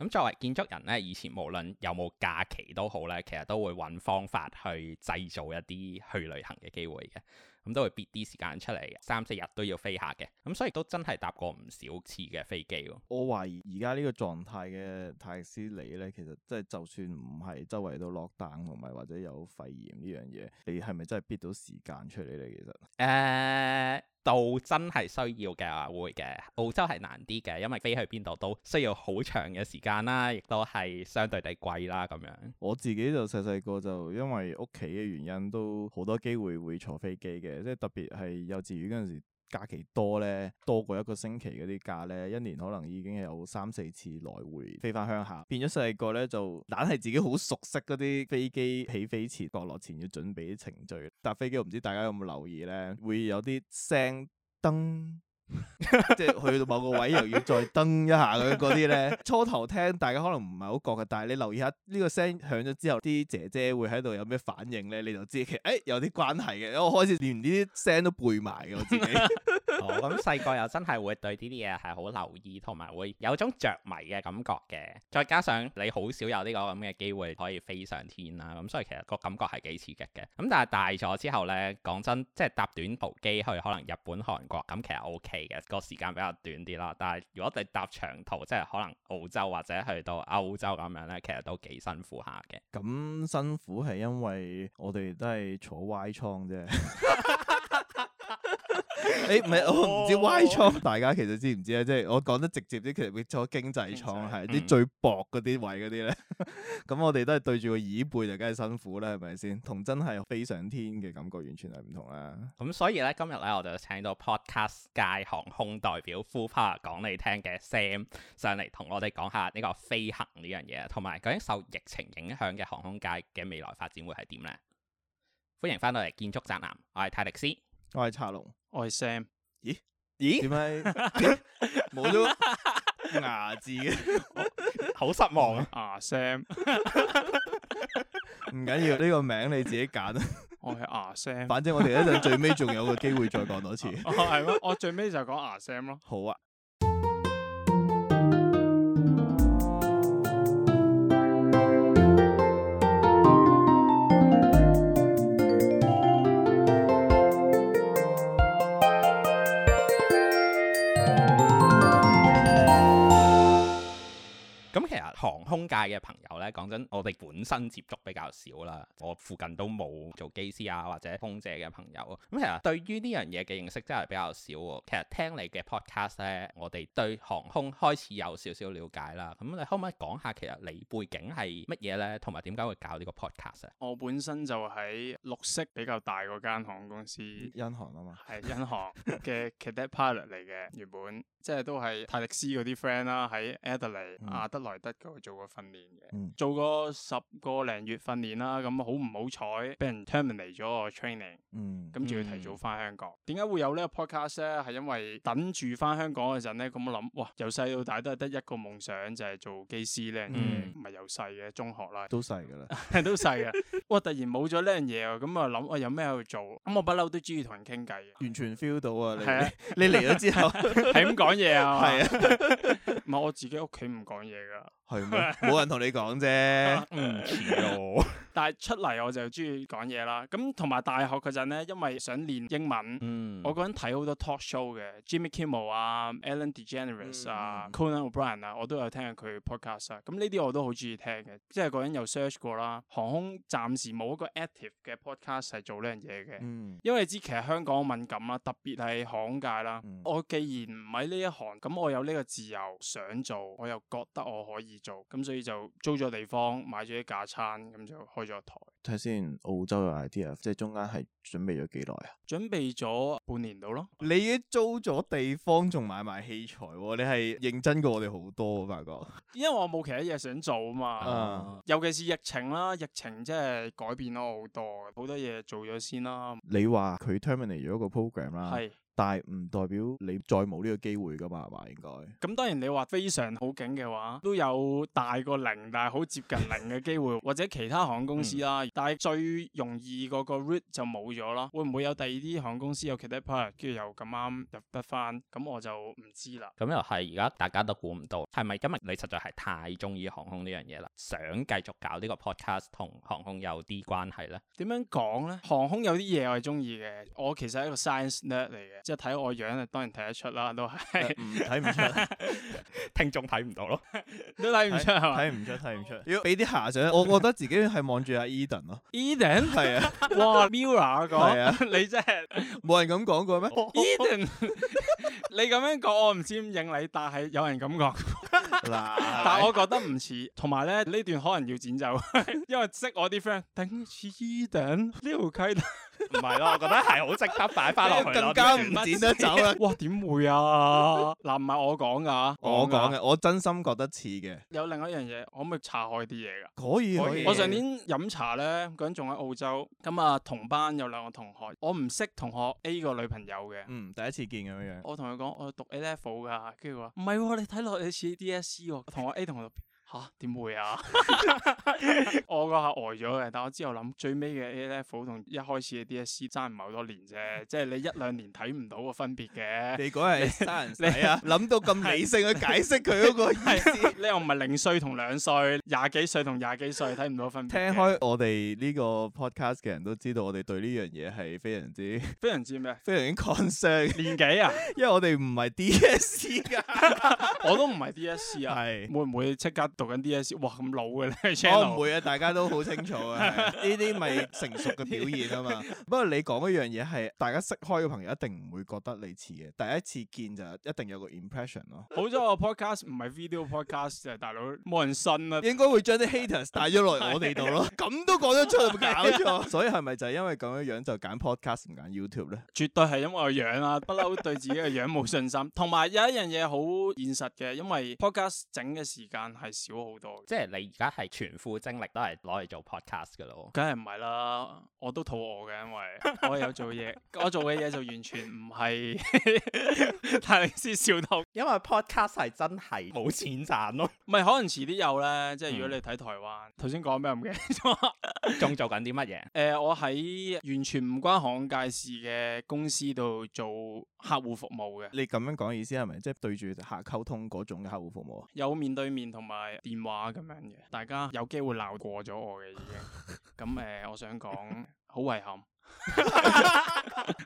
咁作為建築人咧，以前無論有冇假期都好咧，其實都會揾方法去製造一啲去旅行嘅機會嘅，咁都會逼啲時間出嚟，三四日都要飛下嘅，咁所以都真係搭過唔少次嘅飛機。我懷疑而家呢個狀態嘅泰斯理咧，其實即係就算唔係周圍都 lockdown，同埋或者有肺炎呢樣嘢，你係咪真係逼到時間出嚟咧？其實。誒、uh。到真係需要嘅話，會嘅。澳洲係難啲嘅，因為飛去邊度都需要好長嘅時間啦，亦都係相對地貴啦咁樣。我自己就細細個就因為屋企嘅原因，都好多機會會坐飛機嘅，即係特別係幼稚園嗰陣時。假期多呢，多過一個星期嗰啲假呢，一年可能已經有三四次來回飛翻鄉下。變咗細個呢，就懶係自己好熟悉嗰啲飛機起飛前、降落前要準備啲程序。搭飛機唔知大家有冇留意呢，會有啲聲燈。 即係去到某個位又要再登一下嗰啲呢。初頭聽大家可能唔係好覺嘅，但係你留意下呢個聲響咗之後，啲姐姐會喺度有咩反應呢？你就知其實誒、哎、有啲關係嘅。我開始連呢啲聲都背埋嘅，我自己。 哦，咁細個又真係會對呢啲嘢係好留意，同埋會有種着迷嘅感覺嘅。再加上你好少有呢個咁嘅機會可以飛上天啦，啊，咁所以其實個感覺係幾刺激嘅。咁但係大咗之後呢，講真，即係搭短途機去可能日本、韓國咁，其實 OK。嘅個時間比較短啲啦，但係如果你搭長途，即係可能澳洲或者去到歐洲咁樣咧，其實都幾辛苦下嘅。咁辛苦係因為我哋都係坐 Y 艙啫。誒，唔係、欸、我唔知歪倉，ron, 大家其實知唔知咧？即、就、係、是、我講得直接啲，其實會坐經濟艙係啲最薄嗰啲位嗰啲咧。咁、嗯 嗯、我哋都係對住個椅背就梗係辛苦啦，係咪先？同真係飛上天嘅感覺完全係唔同啦。咁、嗯、所以咧，今日咧我就請到 Podcast 界航空代表、Full Power 講你聽嘅 Sam 上嚟，同我哋講下呢個飛行呢樣嘢，同埋究竟受疫情影響嘅航空界嘅未來發展會係點咧？歡迎翻到嚟建築宅男，我係泰迪斯。我係茶龍，我係 Sam。咦咦，點解冇咗牙字嘅？好 失望啊！牙 Sam，唔緊要，呢、 呢個名你自己揀啊。 我係牙 Sam， 反正我哋一陣最尾仲有個機會再講多次。哦，係咯，我最尾就講牙 Sam 咯。好啊。航空界嘅朋友。咧，講真，我哋本身接觸比較少啦，我附近都冇做機師啊或者空姐嘅朋友，咁其實對於呢樣嘢嘅認識真係比較少喎。其實聽你嘅 podcast 咧，我哋對航空開始有少少了解啦。咁你可唔可以講下其實你背景係乜嘢咧，同埋點解會搞個呢個 podcast？我本身就喺綠色比較大嗰間航空公司，英航啊嘛，係 英航嘅 cadet pilot 嚟嘅，原本即係都係泰力斯嗰啲 friend 啦，喺 Adderley 阿德萊德嗰度做過訓練嘅。嗯做個十個零月訓練啦，咁好唔好彩？俾人 terminate 咗個 training，嗯，仲要提早翻香港。點解會有呢個 podcast 咧？係因為等住翻香港嗰陣咧，咁我諗，哇！由細到大都係得一個夢想就係做機師咧，唔係由細嘅，中學啦，都細㗎啦，都細嘅。哇！突然冇咗呢樣嘢喎，咁啊諗，我有咩喺度做？咁我不嬲都中意同人傾偈，完全 feel 到啊！你嚟咗之後係咁講嘢啊嘛？係啊，唔係我自己屋企唔講嘢㗎，係咩？冇人同你講。啫，啊嗯、 但係出嚟我就中意講嘢啦。咁同埋大學陣咧，因為想練英文，嗯、我個人睇好多 talk show 嘅，Jimmy Kimmel 啊、Alan DeGeneres 啊、嗯、Conan O'Brien 啊，我都有聽佢 podcast 啊。咁呢啲我都好中意聽嘅，即係個人有 search 過啦。航空暫時冇一個 active 嘅 podcast 係做呢樣嘢嘅，嗯、因為你知其實香港敏感啊，特別係航界啦、啊。嗯、我既然唔喺呢一行，咁我有呢個自由想做，我又覺得我可以做，咁所以就做咗。地方買咗啲架撐，咁就開咗一台。睇下先澳洲嘅 idea，即係中間係準備咗幾耐啊？準備咗半年度咯。你已經租咗地方，仲買埋器材，哦，你係認真過我哋好多，我發覺。因為我冇其他嘢想做啊嘛。Uh, 尤其是疫情啦，疫情即係改變咗好多，好多嘢做咗先啦。你話佢 terminate 咗個 program 啦。係。但係唔代表你再冇呢個機會噶嘛，係嘛？應該咁當然，你話非常好景嘅話，都有大過零，但係好接近零嘅機會， 或者其他航空公司啦。嗯、但係最容易嗰個 route 就冇咗啦。會唔會有第二啲航空公司有其他 cadet pilot，跟住又咁啱入得翻？咁我就唔知啦。咁又係，而家大家都估唔到，係咪今日你實在係太中意航空呢樣嘢啦？想繼續搞呢個 podcast 同航空有啲關係咧？點樣講咧？航空有啲嘢我係中意嘅，我其實係一個 science nerd 嚟嘅。即係睇我樣啊，當然睇得出啦，都係睇唔出，聽眾睇唔到咯，都睇唔出係咪？睇唔出，睇唔出。要俾啲遐想，我覺得自己係望住阿 Edan 咯。Edan 係啊，哇 Mirror 個，係啊，你真係冇人咁講過咩？Edan，你咁樣講我唔知點應你，但係有人咁講嗱，但係我覺得唔似，同埋咧呢段可能要剪走，因為識我啲 friend 頂似 Edan，呢條契弟唔係咯，我覺得係好值得擺翻落去咯。唔剪都走啦！ 哇，點會啊？嗱， 唔係我講噶，我講嘅，的我真心覺得似嘅。有另一樣嘢，我可唔可以查開啲嘢噶？可以，可以。我上年飲茶咧，嗰陣仲喺澳洲，咁啊，同班有兩個同學，我唔識同學 A 個女朋友嘅。嗯，第一次見咁樣樣。我同佢講，我讀 A Level 噶，跟住佢話唔係喎，你睇落去似 DSE 喎。同學 A 同學、B 吓點會啊！我嗰下呆咗嘅，但我之後諗最尾嘅 A Level 同一開始嘅 DSE 爭唔係好多年啫，即係你一兩年睇唔到個分別嘅。你講係，你啊諗到咁理性去解釋佢嗰個意思。你又唔係零歲同兩歲，廿幾歲同廿幾歲睇唔到分別。聽開我哋呢個 podcast 嘅人都知道，我哋對呢樣嘢係非常之非常之咩？非常之 concern。年紀啊，因為我哋唔係 DSE 噶，我都唔係 DSE 啊，係會唔會即刻？讀緊 DSE，哇咁老嘅咧！我唔 Channel、哦、會啊，大家都好清楚啊，呢啲咪成熟嘅表現啊嘛。 不過你講一樣嘢係大家識開嘅朋友一定唔會覺得你似嘅，第一次見就一定有一個 impression 咯。好在我 podcast 唔係 video podcast， 就係大佬冇人信啦、啊，應該會將啲 haters 帶咗落我哋度咯。咁 都講得出，搞錯。 所以係咪就係因為咁樣樣就揀 podcast 唔揀 YouTube 咧？絕對係因為我樣啊，不嬲對自己嘅樣冇信心。同埋 有，有一樣嘢好現實嘅，因為 podcast 整嘅時間係少。少好多，即係你而家係全副精力都係攞嚟做 podcast 噶咯？梗係唔係啦，我都肚餓嘅，因為我有做嘢， 我做嘅嘢就完全唔係 太先？笑到，因為 podcast 係真係冇錢賺咯。唔係可能遲啲有咧，即係如果你睇台灣頭先講咩唔記得咗。仲、嗯、 做緊啲乜嘢？誒、呃，我喺完全唔關行界事嘅公司度做客戶服務嘅。你咁樣講嘅意思係咪即係對住客溝通嗰種嘅客戶服務啊？有面對面同埋。電話咁樣嘅，大家有機會鬧過咗我嘅已經。咁誒，我想講好遺憾，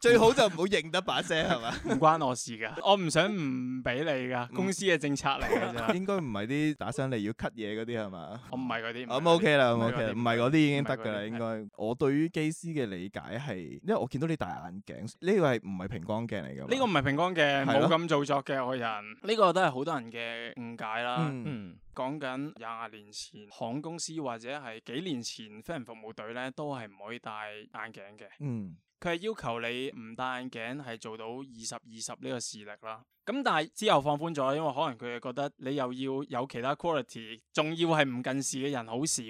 最好就唔好認得把聲係嘛，唔關我事噶。我唔想唔俾你噶公司嘅政策嚟嘅咋。應該唔係啲打上嚟要 cut 嘢嗰啲係嘛？我唔係嗰啲。咁 OK 啦，OK 唔係嗰啲已經得噶啦。應該我對於機師嘅理解係，因為我見到你戴眼鏡，呢個係唔係平光鏡嚟噶呢個唔係平光鏡，冇咁做作嘅愛人。呢個都係好多人嘅誤解啦。嗯。講緊廿年前航空公司或者係幾年前飛行服務隊咧，都係唔可以戴眼鏡嘅。嗯，佢係要求你唔戴眼鏡係做到二十二十呢個視力啦。咁但係之後放寬咗，因為可能佢哋覺得你又要有其他 quality，仲要係唔近視嘅人好少。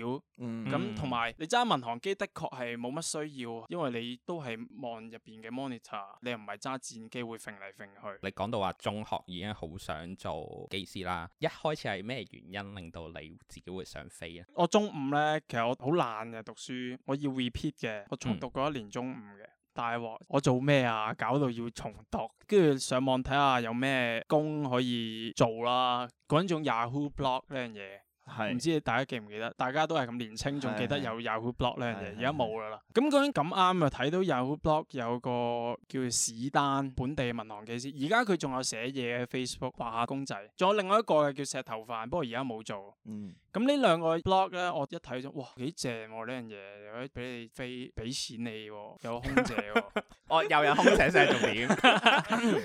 咁同埋你揸民航機的確係冇乜需要，因為你都係望入邊嘅 monitor，你又唔係揸戰機會揈嚟揈去。你講到話中學已經好想做機師啦，一開始係咩原因令到你自己會想飛啊？我中五呢，其實我好懶嘅讀書，我要 repeat 嘅，我重讀過一年中五嘅。嗯。大鑊，我做咩啊？搞到要重讀，跟住上網睇下有咩工可以做啦。嗰種 Yahoo Blog 呢樣嘢，係唔是知大家記唔記得？大家都係咁年輕，仲記得有 Yahoo Blog 呢樣嘢，而家冇啦。咁嗰陣咁啱啊，睇的到 Yahoo Blog 有個叫做史丹本地民航機師，而家佢仲有寫嘢喺 Facebook 畫下公仔，仲有另外一個嘅叫石頭飯，不過而家冇做。嗯咁呢兩個 blog 咧，我一睇咗，哇幾正喎呢樣嘢，如果俾你飛，俾錢你、哦，有空姐喎、哦，哦又有空姐先係重點。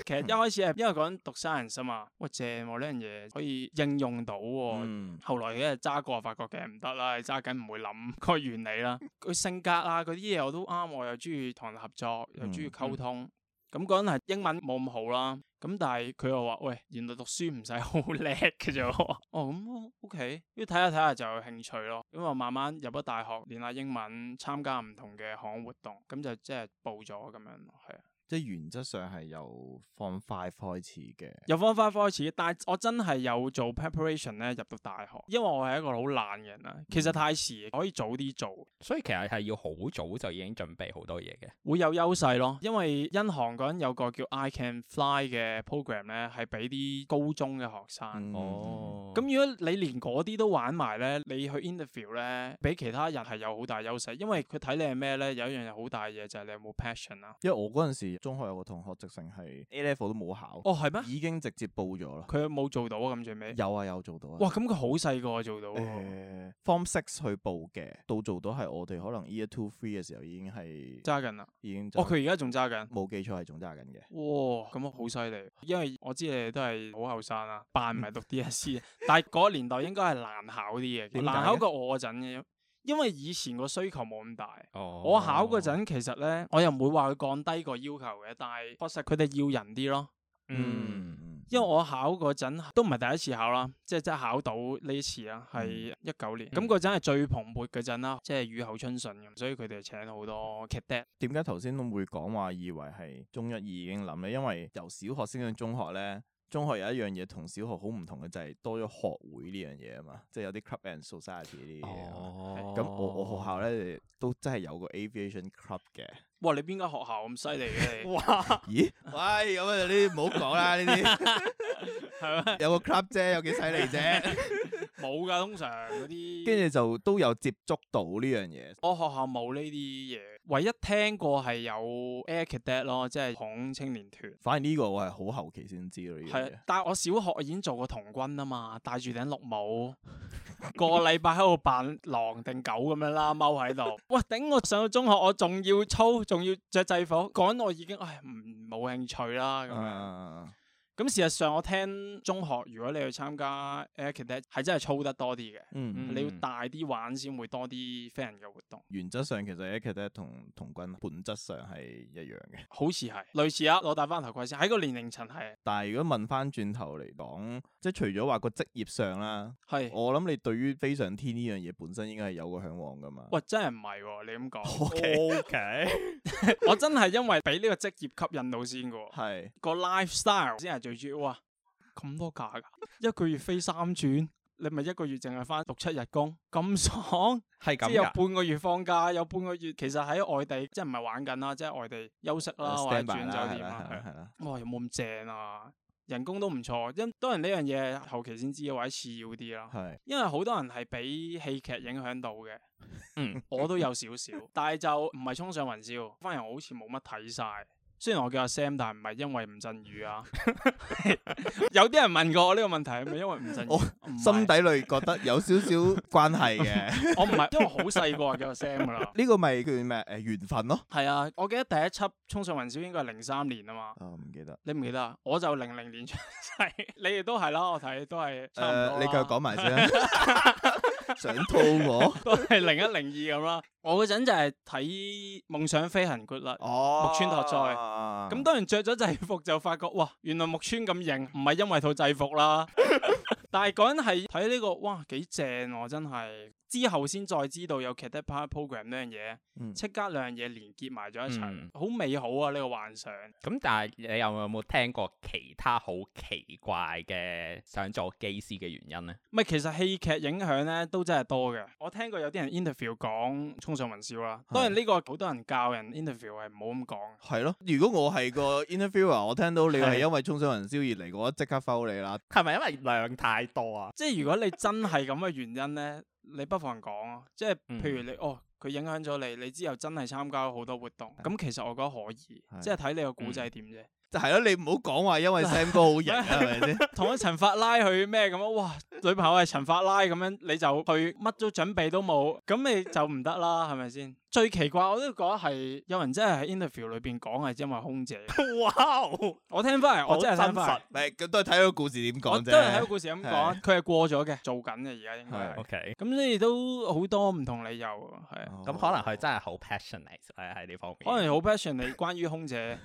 其實一開始係因為講緊讀 science 咋嘛，哇正喎呢樣嘢可以應用到、哦。嗯、後來咧揸過發覺嘅唔得啦，揸緊唔會諗個原理啦，佢 性格啊嗰啲嘢我都啱，我又中意同人合作，嗯、又中意溝通。嗯咁嗰人是英文冇咁好啦，咁但係佢又話喂，原來讀書唔使好叻嘅啫，哦咁、嗯、OK，要睇下睇下就有興趣咯，咁啊慢慢入咗大學練下英文，參加唔同嘅項目活動，咁就即係報咗咁樣，係即係原則上係由 Form Five 開始嘅，由 Form Five 開始，但係我真係有做 preparation 咧，入到大學，因為我係一個好懶嘅人啦。其實太遲，可以早啲做，嗯、所以其實係要好早就已經準備好多嘢嘅，會有優勢咯。因為因航嗰陣有個叫 I Can Fly 嘅 program 咧，係俾啲高中嘅學生。嗯、哦，咁、嗯、如果你連嗰啲都玩埋咧，你去 interview 咧，比其他人係有好大優勢，因為佢睇你係咩咧，有一樣好大嘅嘢就係、是、你有冇 passion 啦、啊。因為我嗰陣時。中學有個同學直成係 A level 都冇考，哦係咩？已經直接報咗啦。佢冇做到啊，咁最尾。有啊，有做到啊。哇，咁佢好細個做到。誒、呃、Form Six 去報嘅，到做到係我哋可能 Year Two、Three 嘅時候已經係揸緊啦。已經哦，佢而家仲揸緊。冇記錯係仲揸緊嘅。哇，咁好犀利！因為我知你都係好後生啦，扮唔係讀 DSE， 但係嗰年代應該係難考啲嘢，難考過我嗰陣嘅。因為以前個需求冇咁大，哦、我考嗰陣其實咧，我又唔會話佢降低個要求嘅，但係確實佢哋要人啲咯。嗯，嗯因為我考嗰陣都唔係第一次考啦，即係即係考到呢次啦，係一九年，咁嗰陣係最蓬勃嗰陣啦，即係雨後春笋，所以佢哋請好多 cadet。點解頭先都會講話以為係中一二已經諗咧？因為由小學升上中學咧。中學有一樣嘢同小學好唔同嘅就係、係、多咗學會呢樣嘢啊嘛，即係有啲 club and society 呢啲嘢。咁、哦嗯、我我學校咧都真係有個 aviation club 嘅、啊 哇。哇！你邊間學校咁犀利嘅你？哇！咦？喂！咁啊，你唔好講啦，呢啲係嘛？有個 club 啫，有幾犀利啫。冇㗎，通常嗰啲，跟住就都有接觸到呢樣嘢。我學校冇呢啲嘢，唯一聽過係有 Air Cadet 咯，即係孔青年團。反而呢個我係好後期先知咯，係。但係我小學已經做過童軍啊嘛，戴住頂綠帽，個禮拜喺度扮狼定狗咁樣啦，踎喺度。喂，頂我上到中學，我仲要操，仲要着制服，講我已經唉，唔冇興趣啦咁樣。咁事實上，我聽中學如果你去參加 Air Cadet 係真係操得多啲嘅。嗯嗯，嗯，你要大啲玩先會多啲飛人嘅活動。原則上其實 Air Cadet 同童軍本質上係一樣嘅，好似係類似啊，我戴翻頭盔先喺個年齡層係。但係如果問翻轉頭嚟講，即係除咗話個職業上啦，係是我諗你對於飛上天呢樣嘢本身應該係有個嚮往噶嘛。喂，真係唔係你咁講？O K，我真係因為俾呢個職業吸引到先嘅。係是個 lifestyle 先係隨住哇，咁多假噶，一個月飛三轉，你咪一個月淨係返六七日工，咁爽係咁，即有半個月放假，有半個月其實喺外地，即係唔係玩緊啦，即係外地休息啦，或者轉酒店啊，係啦。哇，有冇咁正啊？人工都唔錯，因當然呢樣嘢後期先知或者次要啲啦。係的，因為好多人係俾戲劇影響到嘅。 嗯，我都有少少，但係就唔係衝上雲霄，反而我好似冇乜睇晒。雖然我叫阿 Sam，但係唔係因為吳鎮宇啊。 有啲人問過我呢個問題，係咪因為吳鎮宇？我是心底裏覺得有少少關係嘅。 我唔係，因為好細個啊叫阿 Sam 噶啦。呢個咪叫咩？誒緣分咯。係啊，我記得第一輯《衝上雲霄》應該係零三年啊嘛。啊、哦，唔記，記得。你唔記得啊？我就零零年出世， 你哋都係啦。我睇都係、啊。誒、呃，你繼續講埋先。 想套我 都係零一零二咁啦， 我嗰陣就係睇《夢想飛行 Good Luck》啦，木村拓哉，咁當然着咗制服就發覺哇，原來木村咁型，唔係因為套制服啦， 但係嗰陣係睇呢個、這個、哇幾正、啊，真係。之後先再知道有 Cadet program 呢樣嘢，即、嗯、刻兩樣嘢連結埋咗一齊，好、嗯、美好啊！呢個幻想。咁但係你有冇聽過其他好奇怪嘅想做機師嘅原因呢？唔係，其實戲劇影響咧都真係多嘅。我聽過有啲人 interview 講衝上雲霄啦。當然呢個好多人教人 interview 係唔好咁講。係咯，如果我係個 interviewer 我聽到你係因為衝上雲霄而嚟嘅話，即刻 follow 你啦。係咪的因為量太多啊？即係如果你真係咁嘅原因咧？你不妨講啊，即係譬如你、嗯、哦，佢影響咗你，你之後真係參加好多活動，咁、嗯、其實我覺得可以，嗯、即係睇你個古仔點啫。就係咯，你唔好講話，因為 Sam 哥好型啊，係咪先？同阿 陳法拉去咩咁啊？哇，女朋友係陳法拉咁樣，你就去乜都準備都冇，咁你就唔得啦，係咪先？最奇怪我都覺得係有人真係喺 interview 裏邊講係因為空姐。哇！我聽翻嚟我真實，都係睇個故事點講啫。我都係睇個故事咁講，佢係過咗嘅，做緊嘅而家應該。OK，咁所以都好多唔同理由，係咁可能佢真係好 passionate 喺呢方面，可能好 passionate 你關於空姐，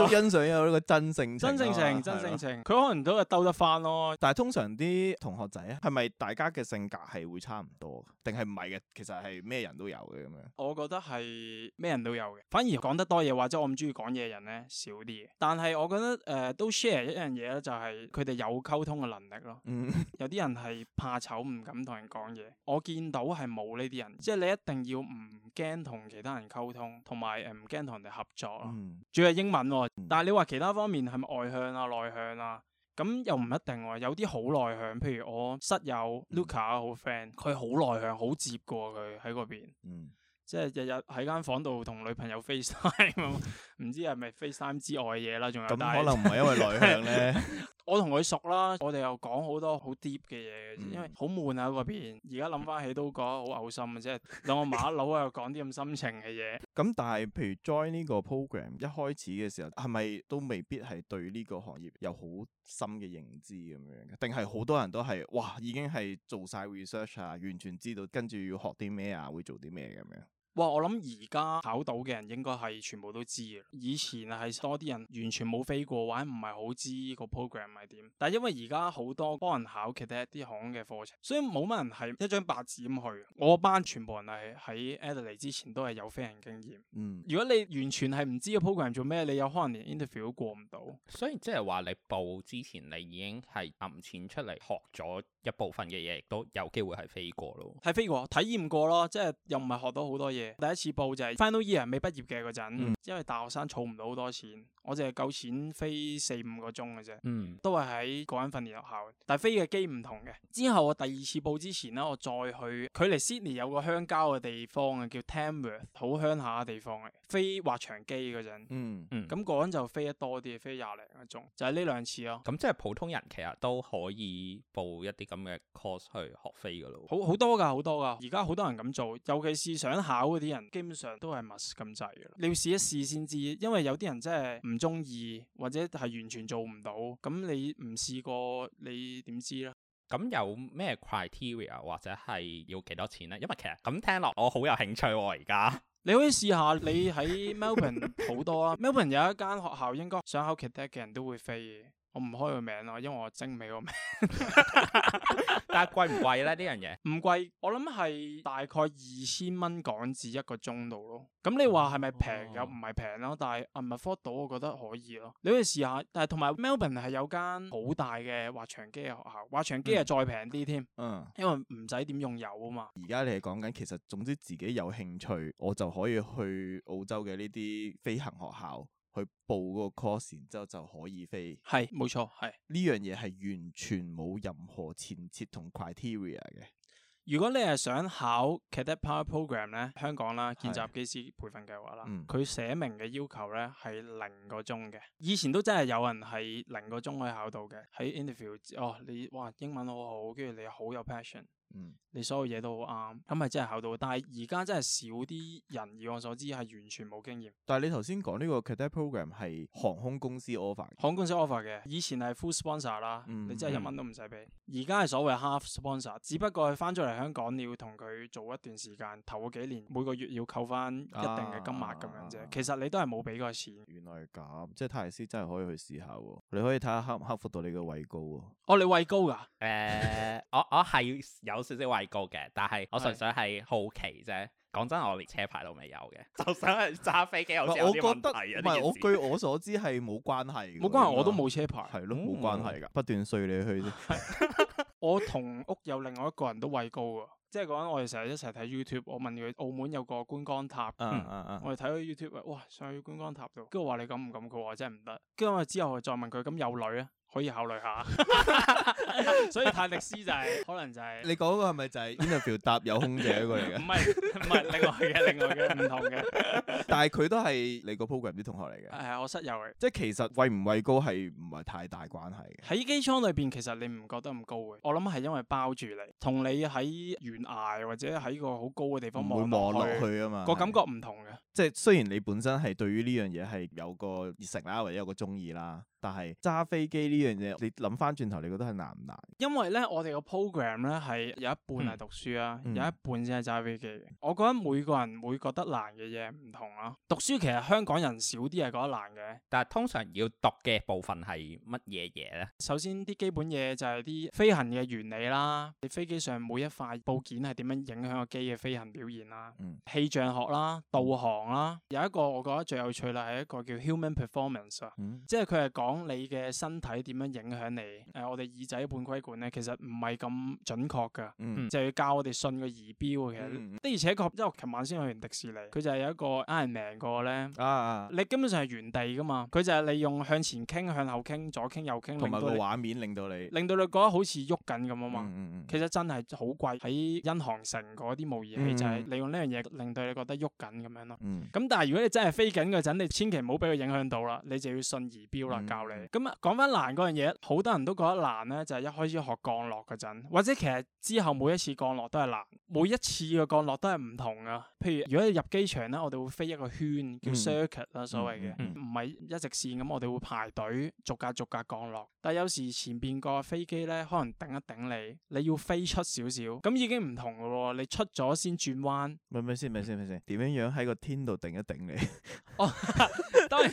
都欣賞有呢個真性情。真性情真性情。佢可能都係兜得翻咯。但係通常啲同學仔啊，係咪大家嘅性格係會差唔多，定係唔係嘅？其實係咩人？人都有嘅咁樣，我，我覺得係咩人都有嘅，反而講得多嘢或者我唔中意講嘢嘅人咧少啲，但係我覺得誒，都 share 一樣嘢咧，就係佢哋有溝通嘅能力咯。嗯， 有啲人係怕醜唔敢同人講嘢，我見到係冇呢啲人，即係你一定要唔驚同其他人溝通，同埋誒唔驚同人哋合作咯。嗯，主要係英文，但係你話其他方面係咪外向啊內向啊？咁又唔一定喎、啊，有啲好內向，譬如我室友 Luca 好 friend，佢好內向，好接嘅喎、啊，佢喺嗰邊。嗯。即係日日喺間房度同女朋友 face time，唔 知係咪 face time 之外嘅嘢啦？仲有，咁可能唔係因為內向咧。 我同佢熟啦，我哋又講好多好 deep 嘅嘢，嘅，因為好悶啊嗰邊。而家諗翻起都覺得好嘔心嘅，即係同我馬佬又講啲咁深情嘅嘢。咁 但係譬如 join 呢個 program，一開始嘅時候係咪都未必係對呢個行業有好深嘅認知咁樣嘅？定係好多人都係哇已經係做晒 research 啊，完全知道跟住要學啲咩啊，會做啲咩咁樣？我諗而家考到嘅人應該係全部都知嘅。以前啊，係多啲人完全冇飛過，或者唔係好知個 program 係點。但係因為而家好多幫人考其他一啲行嘅課程，所以冇乜人係一張白紙咁去。我班全部人係喺 Adelaide 之前都係有飛行經驗。嗯，如果你完全係唔知個 program 做咩，你有可能連 interview 都過唔到。所以即係話你報之前，你已經係揞錢出嚟學咗一部分嘅嘢，亦都有機會係飛過咯。係飛過，體驗過咯，即係又唔係學到好多嘢。第一次報就係 final year 未畢業嘅嗰陣，嗯、因為大學生儲唔到好多錢，我淨係夠錢飛四五個鐘嘅啫，嗯、都係喺嗰間訓練學校。但係飛嘅機唔同嘅。之後我第二次報之前咧，我再去距離 Sydney 有個鄉郊嘅地方嘅，叫 Tamworth，好鄉下嘅地方嘅，飛滑翔機嗰陣。嗯嗯，咁嗰陣就飛得多啲，飛廿零個鐘。就係呢兩次咯。咁即係普通人其實都可以報一啲咁嘅 course 去學飛噶咯。好好多噶，好多噶。而家好多人咁做，尤其是想考。啲人基本上都係 must 咁滯嘅。你要試一試先知，因為有啲人真係唔中意，或者係完全做唔到，咁你唔試過，你點知呢？咁有咩 criteria 或者係要幾多錢呢？因為其實咁聽落我好有興趣喎、啊，而家你可以試下，你喺 Melbourne 好多啊 ，Melbourne 有一間學校，應該想考 cadet 嘅人都會飛。我唔開個名咯，因為我精美個名、哦啊。但係貴唔貴咧？呢樣嘢唔貴，我諗係大概二千蚊港紙一個鐘度咯。咁你話係咪平？又唔係平咯。但係阿 Malcolm 島，我覺得可以咯。你可以試下。但係同埋 Melbourne 係有間好大嘅滑翔機嘅學校，滑翔機係再平啲添。嗯，因為唔使點用油啊嘛。而家你係講緊，其實總之自己有興趣，我就可以去澳洲嘅呢啲飛行學校。去報嗰個 course，然之後就可以飛，飛。係，冇錯，係呢樣嘢係完全冇任何前設同 criteria 嘅。如果你係想考 Cadet Pilot Program 咧，香港啦，見習機師培訓計劃啦，佢寫是明嘅要求咧係零個鐘嘅。以前都真係有人係零個鐘可以考到嘅。喺 interview 哦，你哇英文好好，跟住你好有 passion。嗯、你所有嘢都好啱，咁咪真係考到。但係而家真係少啲人，以我所知係完全冇經驗。但係你頭先講呢個 cadet program 係航空公司 offer，航空公司 offer 嘅，以前係 full sponsor 啦，嗯、你真係一蚊都唔使俾。而家係所謂 half sponsor，只不過係翻咗嚟香港你要同佢做一段時間，頭嗰幾年每個月要扣翻一定嘅金額咁樣啫。啊、其實你都係冇俾過錢。原來係咁，即係泰斯真係可以去試下。你可以睇下克唔克服到你個畏高。哦，你畏高噶？誒、呃，我我係有。 有少少畏高嘅，但係我純粹係好奇啫。講真，我連車牌都未有嘅，就想係揸飛機。我我覺得唔係，我據我所知係冇關係，冇關係，我都冇車牌，係咯，冇關係噶，不斷碎你去啫。我同屋有另外一個人都畏高啊，即係講我哋成日一齊睇 YouTube，我問佢澳門有個觀光塔，嗯，我哋睇佢 YouTube，哇，上去觀光塔度，跟住話你敢唔敢？佢話真係唔得。跟住我哋之後再問佢，咁有女啊？可以考慮下， 所以泰力斯就係、是、可能就係、是、你嗰個係咪就係 Interview 搭有空姐嗰個嚟嘅？唔係唔係，另外嘅，另外嘅，唔 同嘅。 但係佢都係你個 program 啲同學嚟嘅。係係、哎、我室友嚟嘅。即係其實畏唔畏高係唔係太大關係嘅。喺機艙裏邊，其實你唔覺得咁高嘅。我諗係因為包住你，同你喺懸崖或者喺個好高嘅地方望落去啊嘛，個感覺唔同嘅。即係雖然你本身係對於呢樣嘢係有個熱誠啦，或者有個中意啦。但係揸飛機呢樣嘢，你諗翻轉頭，你覺得係難唔難？因為咧，我哋個 program 咧係有一半係讀書啊，嗯、有一半先係揸飛機。我覺得每個人會覺得難嘅嘢唔同啊。讀書其實香港人少啲係覺得難嘅。但係通常要讀嘅部分係乜嘢嘢咧？首先啲基本嘢就係啲飛行嘅原理啦，你飛機上每一塊部件係點樣影響個機嘅飛行表現啦，嗯、氣象學啦、導航啦，有一個我覺得最有趣啦係一個叫 human performance 啊，嗯、即係佢係講。講你嘅身體點樣影響你？誒，我哋耳仔半規管咧，其實唔係咁準確噶，嗯，就要教我哋信個儀表嘅。的而且確，因為我琴晚先去完迪士尼，佢就係有一個 Iron Man 個咧，啊，你根本上係原地噶嘛，佢就係利用向前傾、向後傾、左傾、右傾，同埋個畫面令到你，令到你覺得好似喐緊咁啊嘛，其實真係好貴。喺因航城嗰啲模擬器就係利用呢樣嘢令到你覺得喐緊咁樣咯，嗯，咁但係如果你真係飛緊嗰陣，你千祈唔好俾佢影響到啦，你就要信儀表啦。咁啊，講翻難嗰樣嘢，好多人都覺得難咧，就係、是、一開始學降落嗰陣，或者其實之後每一次降落都係難，每一次嘅降落都係唔同噶。譬如如果你入機場咧，我哋會飛一個圈叫 circuit 啦、嗯，所謂嘅，唔係、嗯嗯嗯、一直線咁，我哋會排隊逐格逐格降落。但係有時前邊個飛機咧，可能頂一頂你，你要飛出少少，咁已經唔同噶喎。你出咗先轉彎，咪咪先？咪咪先？咪咪先？點樣樣喺個天度頂一頂你？哦， 當然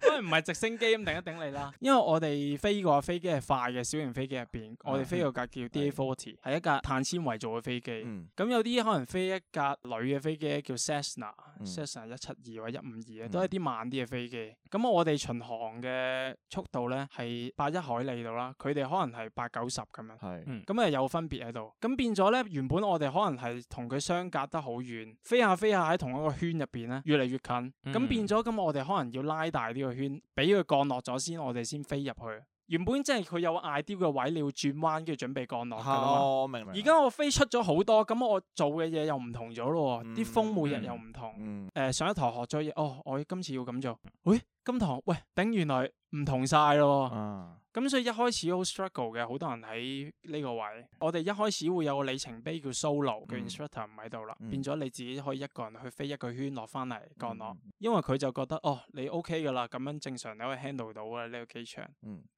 當然唔係直升機咁頂一頂。啦，因為我哋飛個飛機係快嘅，小型飛機入邊，我哋飛過個架叫 DA40，係一架碳纖維做嘅飛機。咁、嗯、有啲可能飛一架女嘅飛機叫 Cessna，Cessna 一七二或一五二啊，都係啲慢啲嘅飛機。咁我哋巡航嘅速度咧係八一海里度啦，佢哋可能係八九十咁樣，咁啊、嗯、有分別喺度。咁變咗咧，原本我哋可能係同佢相隔得好遠，飛下飛下喺同一個圈入邊咧，越嚟越近。咁、嗯、變咗咁，我哋可能要拉大呢個圈，俾佢降落咗。先我哋先飛入去，原本即係佢有 ideal 嘅位，你要轉彎跟住準備降落嘅咯。而家、啊、我，我飛出咗好多，咁我做嘅嘢又唔同咗咯。啲、嗯、風每日又唔同。誒、嗯呃、上一堂學咗嘢，哦，我今次要咁做。喂，今堂喂頂，原來唔同晒咯。嗯咁所以一開始好 struggle 嘅，好多人喺呢個位。我哋一開始會有個里程碑叫 solo，叫 instructor 唔、嗯、喺度啦，嗯、變咗你自己可以一個人去飛一個圈落翻嚟降落。嗯、因為佢就覺得哦，你 OK 噶啦，咁樣正常你可以 handle 到啊呢個機場。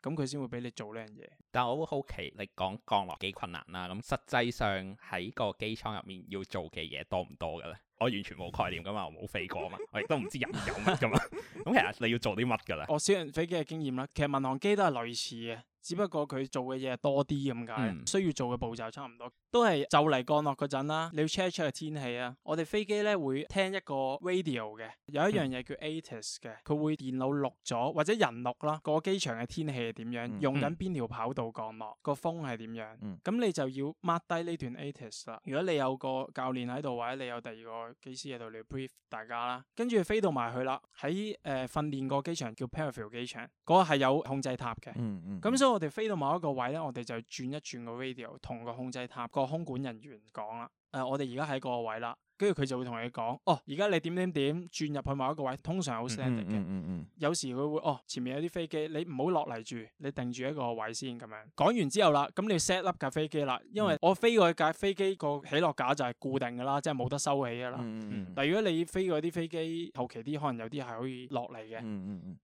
咁佢先會俾你做呢樣嘢。但係我好好奇，你講降落幾困難啦、啊，咁實際上喺個機艙入面要做嘅嘢多唔多嘅咧？我完全冇概念㗎嘛，我冇飛過啊嘛，我亦都唔知人有乜㗎嘛。咁 其實你要做啲乜㗎咧？我小型飛機嘅經驗啦，其實民航機都係類似嘅，只不過佢做嘅嘢多啲咁解，嗯、需要做嘅步驟差唔多。都係就嚟降落嗰陣啦，你要 check check 個天氣啊。我哋飛機咧會聽一個 radio 嘅，有一樣嘢叫 ATIS 嘅，佢會電腦錄咗或者人錄啦，個機場嘅天氣係點樣，用緊邊條跑道降落，個風係點樣。咁你就要 mark 低呢段 ATIS 啦。如果你有個教練喺度，或者你有第二個機師喺度，你要 brief 大家啦，跟住飛到埋去啦，喺誒訓練個機場叫 Parafield 機場，嗰個係有控制塔嘅。嗯嗯，咁所以我哋飛到某一個位咧，我哋就轉一轉個 radio，同個控制塔。個空管人員講啦，誒、呃，我哋而家喺嗰個位啦。跟住佢就會同你講，哦，而家你點點點轉入去某一個位，通常好 standard 嘅。嗯嘅。有時佢會哦，前面有啲飛機，你唔好落嚟住，你定住一個位先咁樣。講完之後啦，咁你 set up 架飛機啦，因為我飛嗰架飛機個起落架就係固定噶啦，即係冇得收起噶啦。Mm, 但如果你飛嗰啲飛機後期啲，可能有啲係可以落嚟嘅。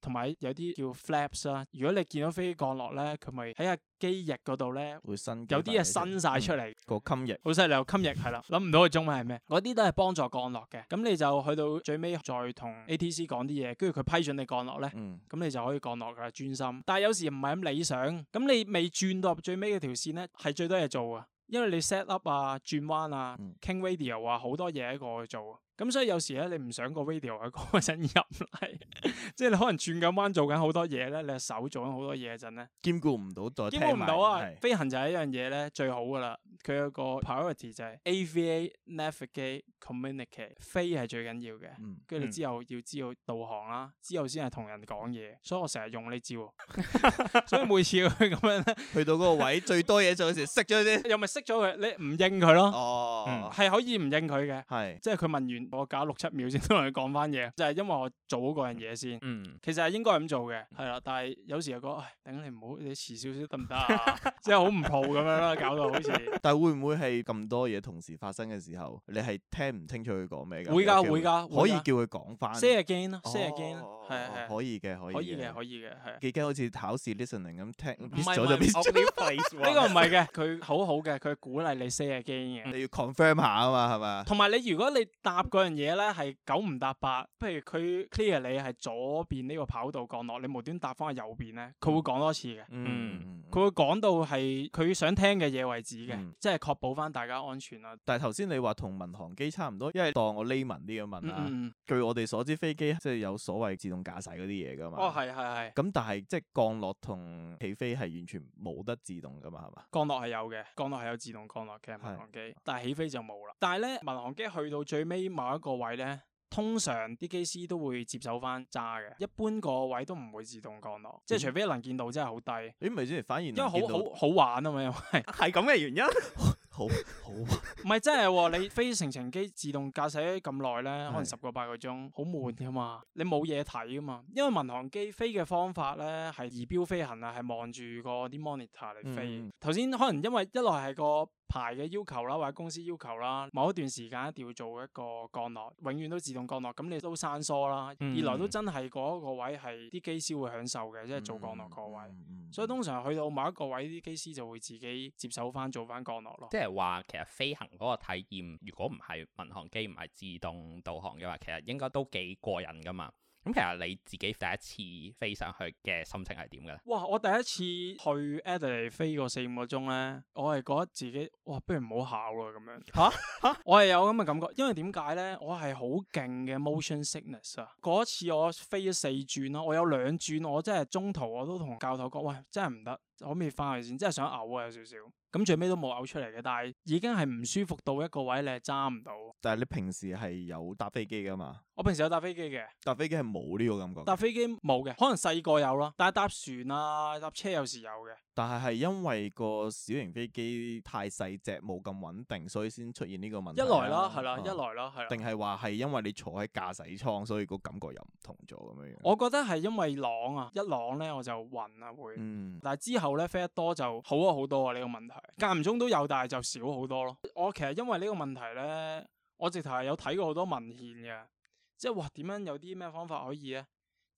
同埋、mm, mm, 有啲叫 flaps 啦，如果你見到飛機降落咧，佢咪喺個機翼嗰度咧會伸，有啲嘢伸晒出嚟。個襟、嗯、翼。好犀利，襟翼係啦，諗唔到佢中文係咩？啲係幫助降落嘅，咁你就去到最尾再同 ATC 講啲嘢，跟住佢批准你降落咧，咁、嗯、你就可以降落噶啦。專心，但係有時唔係咁理想，咁你未轉到最尾嗰條線咧，係最多嘢做啊，因為你 set up 啊、轉彎啊、傾 radio 啊，好多嘢一個去做。咁所以有時咧，你唔想個 video 嘅陣入嚟，即係你可能轉緊彎做緊好多嘢咧，你手做緊好多嘢陣咧，兼顧唔到代兼顧唔到啊！飛行就係一樣嘢咧，最好噶啦，佢有個 priority 就係 AVA navigate communicate，飛係最緊要嘅。嗯。跟住你之後要知道導航啦，之後先係同人講嘢。所以我成日用呢招，所以每次佢咁樣咧，去到個位最多嘢做嗰時，熄咗佢，又咪熄咗佢？你唔應佢咯。哦。係可以唔應佢嘅。係即係佢問完。我搞六七秒先同佢講翻嘢，就係因為我做好嗰樣嘢先。嗯，其實係應該係咁做嘅，係啦。但係有時又覺得，哎，頂你唔好你遲少少得唔得啊？即係好唔抱咁樣啦，搞到好似。但係會唔會係咁多嘢同時發生嘅時候，你係聽唔清楚佢講咩嘅？會噶會噶，可以叫佢講翻。Say again 啦，Say again，係係可以嘅可以嘅可以嘅係。幾驚好似考試 listening 咁聽 miss 咗就呢個唔係嘅，佢好好嘅，佢鼓勵你 say again 嘅。你要 confirm 下啊嘛，係嘛？同埋你如果你答。嗰樣嘢咧係九唔搭八，譬如佢 clear 你係左邊呢個跑道降落，你無端搭翻去右邊咧，佢會講多次嘅。嗯，佢、嗯、會講到係佢想聽嘅嘢為止嘅，嗯、即係確保翻大家安全啦。但係頭先你話同民航機差唔多，因為當我匿文咁問呢個問啦，嗯、據我哋所知飛機即係有所謂自動駕駛嗰啲嘢噶嘛。哦，係係係。咁但係即係降落同起飛係完全冇得自動噶嘛，係嘛？降落係有嘅，降落係有自動降落嘅民航機，是但係起飛就冇啦。但係咧，民航機去到最尾。某一個位咧，通常啲機師都會接手翻揸嘅。一般個位都唔會自動降落，嗯、即係除非能見度真係好低。誒咪係先，反而因為看 好好好玩啊嘛，因為係咁嘅原因， 好好唔係 真係你飛成程，程機自動駕駛咁耐咧，可能十個八個鐘好悶㗎嘛，你冇嘢睇㗎嘛。因為民航機飛嘅方法咧係儀表飛行啊，係望住個啲 monitor 嚟飛。頭先、嗯、可能因為一來係個。排嘅要求啦，或者公司要求啦，某一段時間一定要做一個降落，永遠都自動降落，咁你都生疏啦。嗯、二來都真係嗰個位係啲機師會享受嘅，嗯、即係做降落嗰位。嗯嗯、所以通常去到某一個位，啲機師就會自己接手翻做翻降落咯。即係話其實飛行嗰個體驗，如果唔係民航機唔係自動導航嘅話，其實應該都幾過癮噶嘛。咁其實你自己第一次飛上去嘅心情係點嘅咧？哇！我第一次去 Adelaide 飛個四五個鐘咧，我係覺得自己哇，不如唔好考啦咁樣。嚇、啊、 我係有咁嘅感覺，因為點解咧？我係好勁嘅 motion sickness 啊！嗰次我飛咗四轉咯，我有兩轉，我真係中途我都同教頭講，喂，真係唔得。可唔可以翻去先？真係想嘔啊，有少少。咁最尾都冇嘔出嚟嘅，但係已經係唔舒服到一個位，你係揸唔到。但係你平時係有搭飛機噶嘛？我平時有搭飛機嘅。搭飛機係冇呢個感覺。搭飛機冇嘅，可能細個有咯。但係搭船啊，搭車有時有嘅。但係係因為個小型飛機太細隻，冇咁穩定，所以先出現呢個問題，啊一啊。一來啦，係啦，一來啦，係啦。定係話係因為你坐喺駕駛艙，所以個感覺又唔同咗咁樣。我覺得係因為朗啊，一朗咧我就暈啊會。嗯。但係之後。後咧飛得多就好咗好多啊！呢、這個問題間唔中都有，但係就少好多咯。我其實因為呢個問題咧，我直頭係有睇過好多文獻嘅，即係話點樣有啲咩方法可以咧？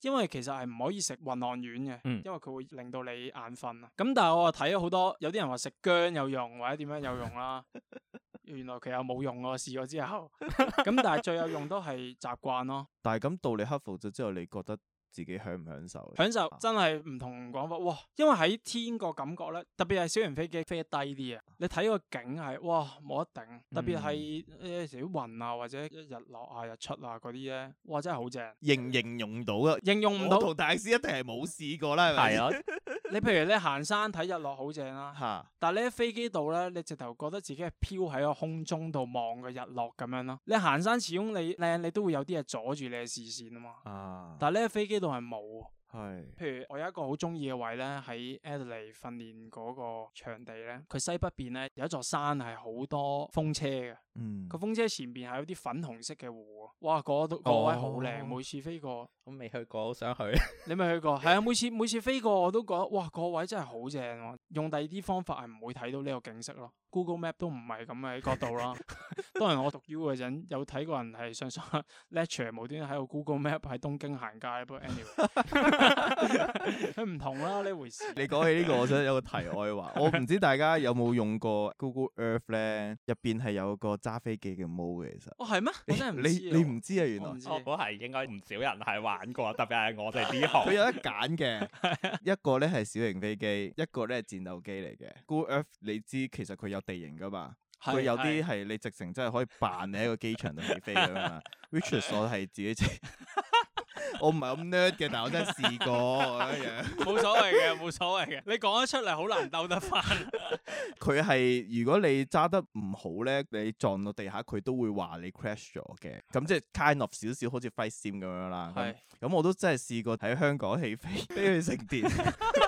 因為其實係唔可以食暈浪丸嘅，因為佢會令到你眼瞓啊。咁、嗯、但係我又睇咗好多，有啲人話食薑有用，或者點樣有用啦、啊。 原來其實冇用，我試過之後。咁 但係最有用都係習慣咯。但係咁到你克服咗之後，你覺得？自己享唔享受？享受真係唔同講法，哇！因為喺天個感覺咧，特別係小型飛機飛得低啲啊。你睇個景係哇，冇得頂，特別係有時雲啊，或者日落啊、日出啊嗰啲咧，哇，真係好正。形形容到嘅，形容唔到。同大師一定係冇試過啦，係咪？係啊。你譬如咧行山睇日落好正啦，嚇！但係你喺飛機度咧，你直頭覺得自己係飄喺個空中度望個日落咁樣咯。你行山始終你靚，你都會有啲嘢阻住你嘅視線啊嘛。啊！但係你喺飛機度。都係冇。係，是譬如我有一個好中意嘅位咧，喺 Adelaide 訓練嗰個場地咧，佢西北邊咧有一座山係好多風車嘅，嗯，個風車前邊係有啲粉紅色嘅湖，哇，嗰度位好靚，每次飛過，我未去過，好想去，你未去過，係啊，每次每次飛過我都覺得，哇，嗰位真係好正啊，用第二啲方法係唔會睇到呢個景色咯，Google Map 都唔係咁嘅角度咯。 當然我讀 U 嗰陣有睇過人係上上 lecture 無端喺個 Google Map 喺東京行街，不過 anyway。 佢唔同啦呢回事。你講起呢個，我想有個題外話。我唔知大家有冇用過 Google Earth 咧？入邊係有個揸飛機嘅模嘅，其實。哦，係咩？你真係你你唔知啊？原來。我我估係應該唔少人係玩過，特別係我哋啲行。佢有得揀嘅，一個咧係小型飛機，一個咧係戰鬥機嚟嘅。Google Earth 你知其實佢有地形噶嘛？佢有啲係你直程真係可以扮你喺個機場度起飛噶嘛。Which is 我係自己。我唔係咁叻嘅，但係我真係試過咁樣。冇 所謂嘅，冇所謂嘅。你講得出嚟好難兜得翻。佢係 如果你揸得唔好咧，你撞到地下，佢都會話你 crash 咗嘅。咁即係 kind of 少少，好似 flight sim 咁樣啦。係。咁我都真係試過喺香港起飛飛去食電。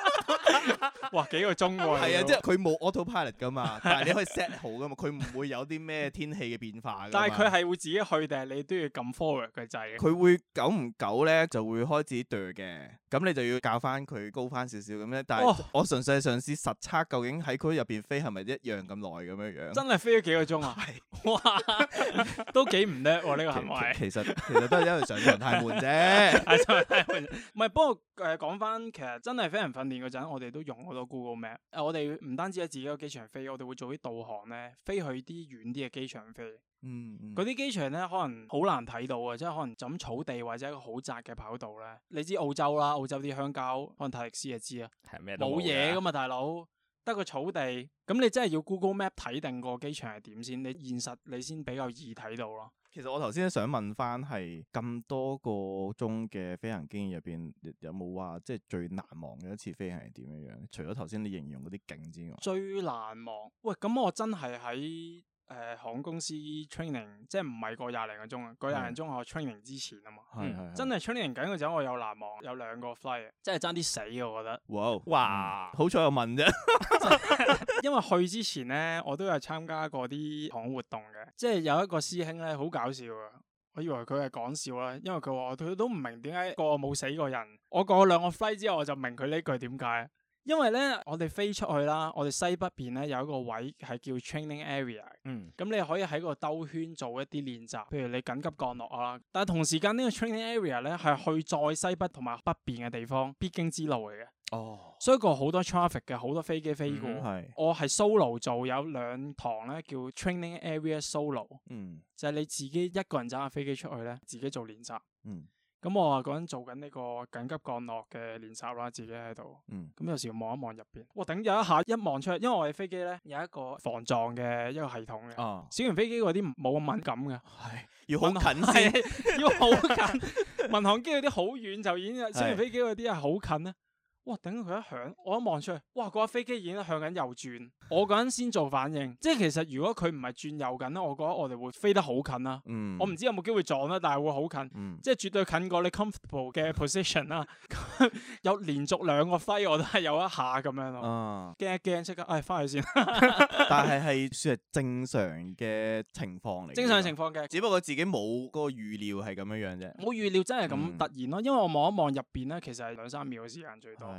哇，幾個鐘喎！係啊，啊嗯、即係佢冇 auto pilot 噶嘛。 但係你可以 set 好噶嘛，佢唔會有啲咩天氣嘅變化。但係佢係會自己去定係你都要撳 forward 佢掣？佢會久唔久咧就會開始墮嘅。咁你就要教翻佢高翻少少咁咧，但係我純粹係嘗試實測，究竟喺區入邊飛係咪一樣咁耐咁樣樣？真係飛咗幾個鐘啊！是哇， 都幾唔叻喎呢個行為？其實其實都係因為上場太悶啫，太上場太悶。唔係，不過誒，講翻其實真係飛行訓練嗰陣，我哋都用好多 Google Map。誒，我哋唔單止喺自己個機場飛，我哋會做啲導航咧，飛去啲遠啲嘅機場飛。嗯，嗰啲機場咧可能好難睇到啊，即係可能就草地或者一個好窄嘅跑道咧。你知澳洲啦，澳洲啲鄉郊可能泰迪斯就知啊，係咩？冇嘢噶嘛， 大佬，得個草地。咁你真係要 Google Map 睇定個機場係點先，你現實你先比較易睇到咯。其實我頭先想問翻，係咁多個鐘嘅飛行經驗入邊，有冇話即係最難忘嘅一次飛行係點樣樣？除咗頭先你形容嗰啲景之外，最難忘？喂，咁我真係喺。誒、呃，航空公司 training 即係唔係過廿零是個鐘啊，過廿零鐘我 training 之前啊嘛，真係 training 緊嗰陣我有難忘，有兩個 fly，真係爭啲死啊我覺得。哇，嗯、好彩我問啫， 因為去之前咧，我都係參加過啲航空活動嘅，即係有一個師兄咧好搞笑啊，我以為佢係講笑啦，因為佢話佢都唔明點解個個冇死過人，我過兩個,個,個 fly 之後我就明佢呢句點解。因為咧，我哋飛出去啦，我哋西北邊咧有一個位係叫 training area。嗯，咁你可以喺個兜圈做一啲練習，譬如你緊急降落啊。但係同時間個呢個 training area 咧係去再西北同埋北邊嘅地方必經之路嚟嘅。哦，所以個好多 traffic 嘅好多飛機飛過。嗯，係我係 solo 做有兩堂咧叫 training area solo。嗯，就係你自己一個人揸架飛機出去咧，自己做練習。嗯。咁我啊嗰陣做緊呢個緊急降落嘅練習啦，自己喺度。嗯。咁有時望一望入邊，我頂有一下一望出，因為我哋飛機咧有一個防撞嘅一個系統嘅。哦、啊。小型飛機嗰啲冇咁敏感嘅。係。要好近先。 要好近。 民航機嗰啲好遠就已經，是小型飛機嗰啲係好近啊。哇！頂佢一響，我一望出去，哇！嗰架飛機已經向緊右轉，我嗰陣先做反應。即係其實如果佢唔係轉右緊咧，我覺得我哋會飛得好近啦。嗯、我唔知有冇機會撞啦，但係會好近。嗯，即係絕對近過你 comfortable 嘅 position 啦、嗯。啊、 有連續兩個飛我都係有一下咁樣咯。啊，驚一驚，即刻唉翻去先。 但係係算係正常嘅情況嚟。正常情況嘅，只不過自己冇嗰個預料係咁樣樣啫。冇預料真係咁突然咯，嗯、因為我望一望入邊咧，其實係兩三秒嘅時間最多。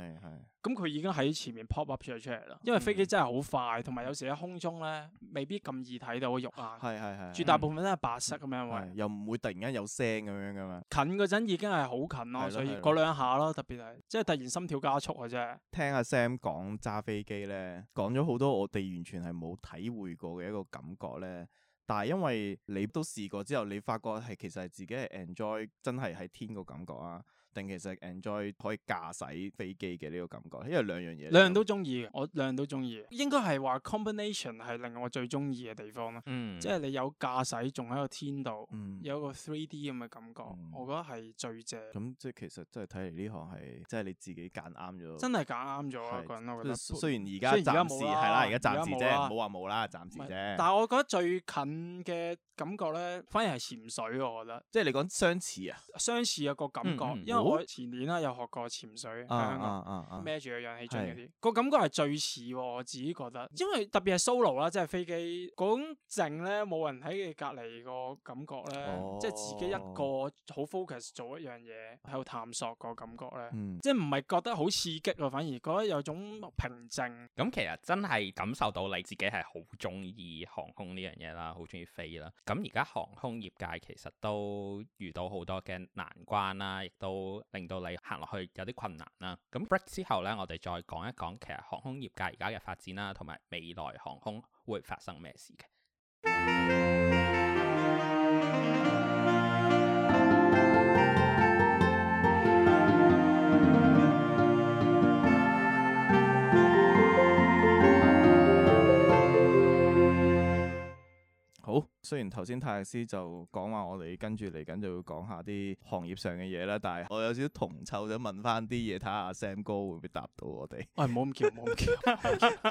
係係，咁佢、嗯嗯、已經喺前面 pop up 咗出嚟啦。因為飛機真係好快，同埋、嗯、有時喺空中咧，未必咁易睇到個肉眼。係係係，絕大部分都係白色咁樣，因為是喂又唔會突然間有聲咁樣噶嘛。近嗰陣已經係好近咯，是的是所以嗰兩下咯，的特別係即係突然心跳加速嘅啫。是的是的聽阿 Sam 講揸飛機咧，講咗好多我哋完全係冇體會過嘅一個感覺咧。但係因為你都試過之後，你發覺係其實係自己係 enjoy，真係喺天個感覺啊。定其實 enjoy 可以駕駛飛機嘅呢個感覺，因為兩樣嘢，兩樣都中意，我兩樣都中意。應該係話 combination 係令我最中意嘅地方咯，即係你有駕駛仲喺個天度，有一個 three D 咁嘅感覺，我覺得係最正。咁即係其實真係睇嚟呢行係，即係你自己揀啱咗，真係揀啱咗啊！個人我覺得，雖然而家暫時係啦，而家暫時啫，唔好話冇啦，暫時啫。但係我覺得最近嘅感覺咧，反而係潛水，我覺得，即係你講相似啊，相似有個感覺，因我前年啦，有學過潛水喺、uh，香港，孭住個氧氣樽嗰啲，是個感覺係最似我自己覺得，因為特別係 solo 啦，即係飛機嗰種靜咧，冇人喺佢隔離個感覺咧，oh。即係自己一個好 focus 做一樣嘢喺度探索個感覺咧，嗯、即係唔係覺得好刺激喎，反而覺得有種平靜。咁其實真係感受到你自己係好中意航空呢樣嘢啦，好中意飛啦。咁而家航空業界其實都遇到好多嘅難關啦、啊，亦都。令到你行落去有啲困難啦，咁 break 之後呢，我哋再講一講其實航空業界而家嘅發展啦，同埋未來航空會發生咩事嘅。 雖然頭先泰克斯就講話我哋跟住嚟緊就會講下啲行業上嘅嘢啦，但係我有少少銅臭，想問翻啲嘢睇下 Sam 哥會唔會答到我哋。誒、哎，唔好咁叫，唔好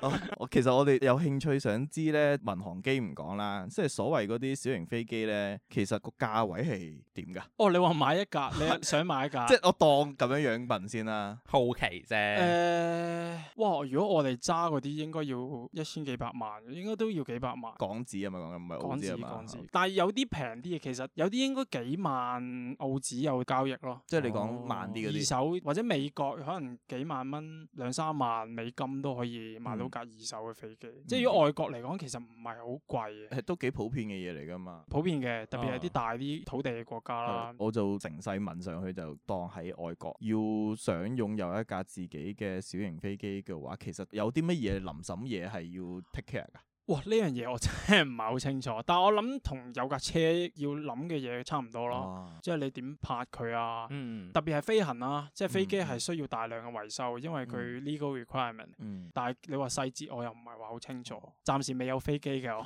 咁叫。我其實我哋有興趣想知咧，民航機唔講啦，即係所謂嗰啲小型飛機咧，其實個價位係點噶？哦，你話買一架，你想買一架？ 即係我當咁樣樣問先啦。 好奇啫。誒、呃，哇！如果我哋揸嗰啲，應該要一千幾百萬，應該都要幾百萬。港紙啊，唔係講唔係澳紙元啊？但係有啲平啲嘅，其實有啲應該幾萬澳紙有交易咯。即係你講慢啲嗰啲二手，或者美國可能幾萬蚊、兩三萬美金都可以買到架二手嘅飛機。嗯、即如果外國嚟講，其實唔係好貴嘅。都幾普遍嘅嘢嚟㗎嘛。普遍嘅，特別係啲大啲土地嘅國家啦、哦。我就成世問上去，就當喺外國要想擁有一架自己嘅小型飛機嘅話，其實有啲乜嘢臨審嘢係要 take care 㗎？哇！呢樣嘢我真係唔係好清楚，但係我諗同有架車要諗嘅嘢差唔多咯，即係你點拍佢啊？特別係飛行啦，即係飛機係需要大量嘅維修，嗯、因為佢 legal requirement、嗯。但係你話細節，我又唔係話好清楚。暫時未有飛機嘅我，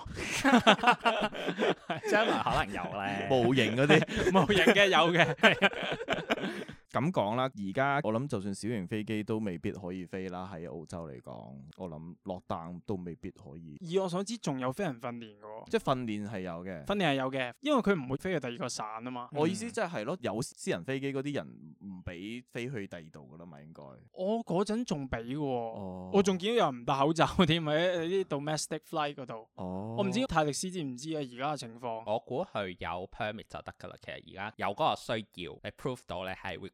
將來可能有咧。模型嗰啲，模型嘅有嘅。 咁講啦，而家我諗就算小型飛機都未必可以飛啦，喺澳洲嚟講，我諗落單都未必可以。以我所知，仲有飛人訓練嘅喎、哦。即係訓練係有嘅。訓練係有嘅，因為佢唔會飛去第二個省啊嘛。嗯、我意思即係係咯，有私人飛機嗰啲人唔俾飛去第二度嘅啦嘛，應該。我嗰陣仲俾喎，哦、我仲見到有人唔戴口罩嗰啲咪喺啲 domestic flight 嗰度。哦。我唔知泰力斯知唔知啊，而家嘅情況。我估佢有 permit 就得㗎啦，其實而家有嗰個需要，你 prove 到你係 w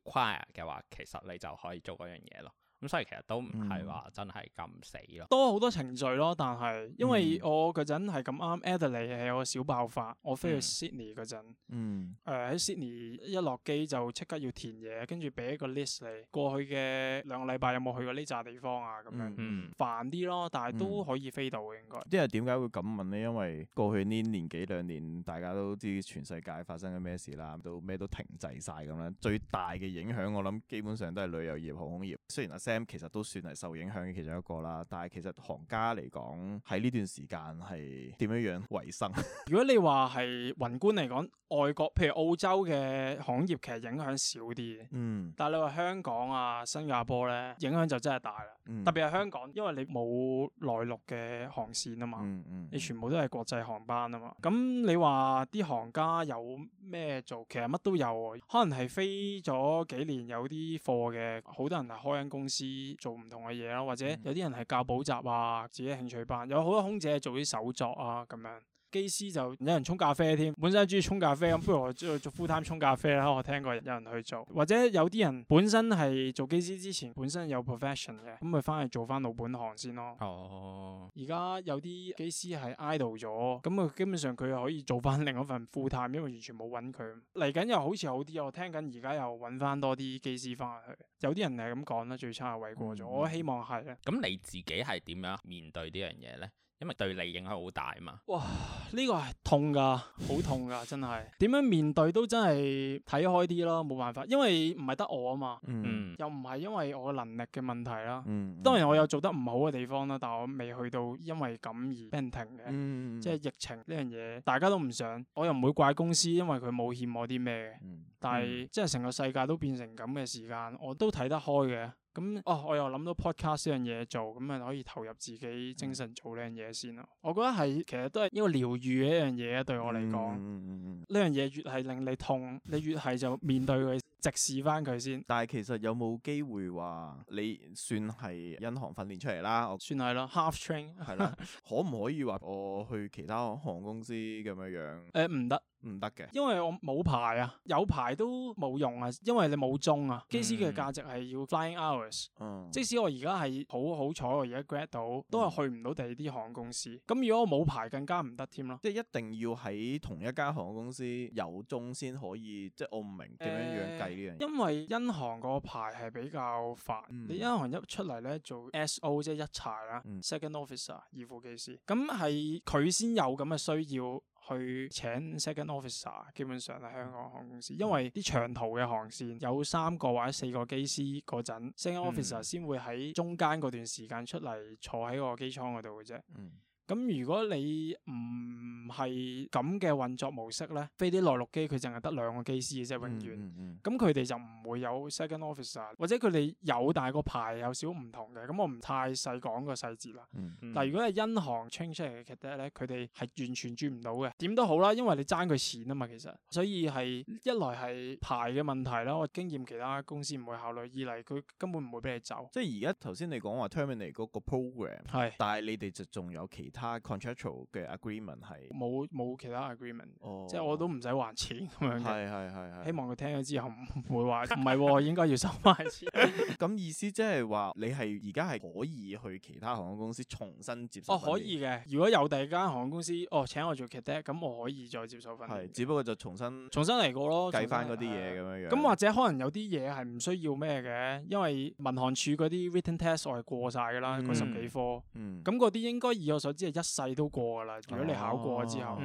嘅話，其實，你就可以做嗰樣嘢咯。咁所以其實都唔係話真係咁死咯、嗯，多好多程序咯。但係因為我嗰陣係咁啱，Adelaide 係有個小爆發，我飛去 Sydney 嗰陣、嗯，誒喺 Sydney 一落機就即刻要填嘢，跟住俾一個 list 你過去嘅兩個禮拜有冇去過呢紮地方啊咁樣，嗯、煩啲咯，但係都可以飛到嘅應該、嗯。嗯、因為點解會咁問咧？因為過去呢年幾兩年大家都知全世界發生緊咩事啦，都咩都停滯晒。咁樣。最大嘅影響我諗基本上都係旅遊業、航空業。雖然其實都算係受影響嘅其中一個啦，但係其實行家嚟講喺呢段時間係點樣樣維生？如果你話係宏觀嚟講，外國譬如澳洲嘅行業其實影響少啲，嗯，但係你話香港啊、新加坡咧，影響就真係大啦，嗯、特別係香港，因為你冇內陸嘅航線啊嘛，嗯嗯、你全部都係國際航班啊嘛，咁你話啲行家有咩做？其實乜都有，可能係飛咗幾年有啲貨嘅，好多人係開緊公司。知做唔同嘅嘢咯，或者有啲人係教補習啊，自己興趣班，有好多空姐做啲手作啊咁樣。機師就有人沖咖啡添，本身中意沖咖啡咁，不如我做做 full time 沖咖啡啦。我聽過有人去做，或者有啲人本身係做機師之前本身有 profession 嘅，咁咪翻去做翻老本行先咯。哦，而家有啲機師係 idle 咗，咁佢基本上佢可以做翻另一份 full time，因為完全冇揾佢。嚟緊又好似好啲，我聽緊而家又揾翻多啲機師翻去。有啲人係咁講啦，最差係位過咗。嗯、我希望係。咁你自己係點樣面對呢樣嘢呢？因為對你影響好大嘛，哇！呢、這個係痛㗎，好痛㗎，真係點樣面對都真係睇開啲咯，冇辦法，因為唔係得我啊嘛，嗯，嗯又唔係因為我能力嘅問題啦，嗯，當然我有做得唔好嘅地方啦，但係我未去到因為咁而俾人停嘅，嗯、即係疫情呢樣嘢大家都唔想，我又唔會怪公司，因為佢冇欠我啲咩，嗯、但係、嗯、即係成個世界都變成咁嘅時間，我都睇得開嘅。哦，我又諗到 podcast 呢樣嘢做，咁咪可以投入自己精神做呢樣嘢先咯。嗯，我覺得係其實都係一個療愈嘅一樣嘢啊，對我嚟講，呢樣嘢越係令你痛，你越係就面對佢。直視翻佢先。但係其實有冇機會話你算係因航訓練出嚟啦？我算係啦 half train 係啦。 可唔可以話我去其他航空公司咁樣樣？誒唔、呃、得，唔得嘅，因為我冇牌啊。有牌都冇用啊，因為你冇鐘啊。機師嘅價值係要 flying hours。即使我而家係好好彩，我而家 grad 到，都係去唔到第二啲航空公司。咁、嗯、如果我冇牌，更加唔得添咯。即係一定要喺同一間航空公司有鐘先可以。即係我唔明點樣樣計。呃因為因航個牌係比較煩，嗯、你因航一出嚟咧做 S.O. 即係一查啦、嗯、Second Officer 二副機師，咁係佢先有咁嘅需要去請 Second Officer，基本上係香港航空公司，因為啲長途嘅航線有三個或者四個機師嗰陣，Second Officer 先會喺中間嗰段時間出嚟坐喺個機艙嗰度嘅啫。嗯嗯。咁如果你唔係咁嘅運作模式咧，飛啲內陸機佢淨係得兩個機師嘅啫，永遠，咁佢哋就唔會有 second officer，或者佢哋有，但係個牌有少唔同嘅。咁我唔太細講個細節啦。嗯嗯、但係如果係因航 train 出嚟嘅 cadet 咧，佢哋係完全轉唔到嘅。點都好啦，因為你爭佢錢啊嘛，其實，所以係一來係牌嘅問題啦，我經驗其他公司唔會考慮，二嚟佢根本唔會俾你走。即係而家頭先你講話 terminate 嗰個 program，係是，但係你哋就仲有其他。其他 contractual 嘅 agreement 係冇冇其他 agreement，哦，即係我都唔使還錢，咁樣，係係係，係希望佢聽咗之後唔會話唔係喎，應該要收翻錢。咁意思即係話你係而家係可以去其他航空公司重新接受。哦，可以嘅。如果有第二間航空公司哦請我做 cadet，咁我可以再接受翻，係只不過就重新重新嚟過咯，計翻嗰啲嘢咁樣樣，咁或者可能有啲嘢係唔需要咩嘅，因為民航處嗰啲 written test 我係過曬㗎啦，嗰十幾科。嗯。咁嗰啲應該以我所知。一世都過㗎喇，如果你考過之後，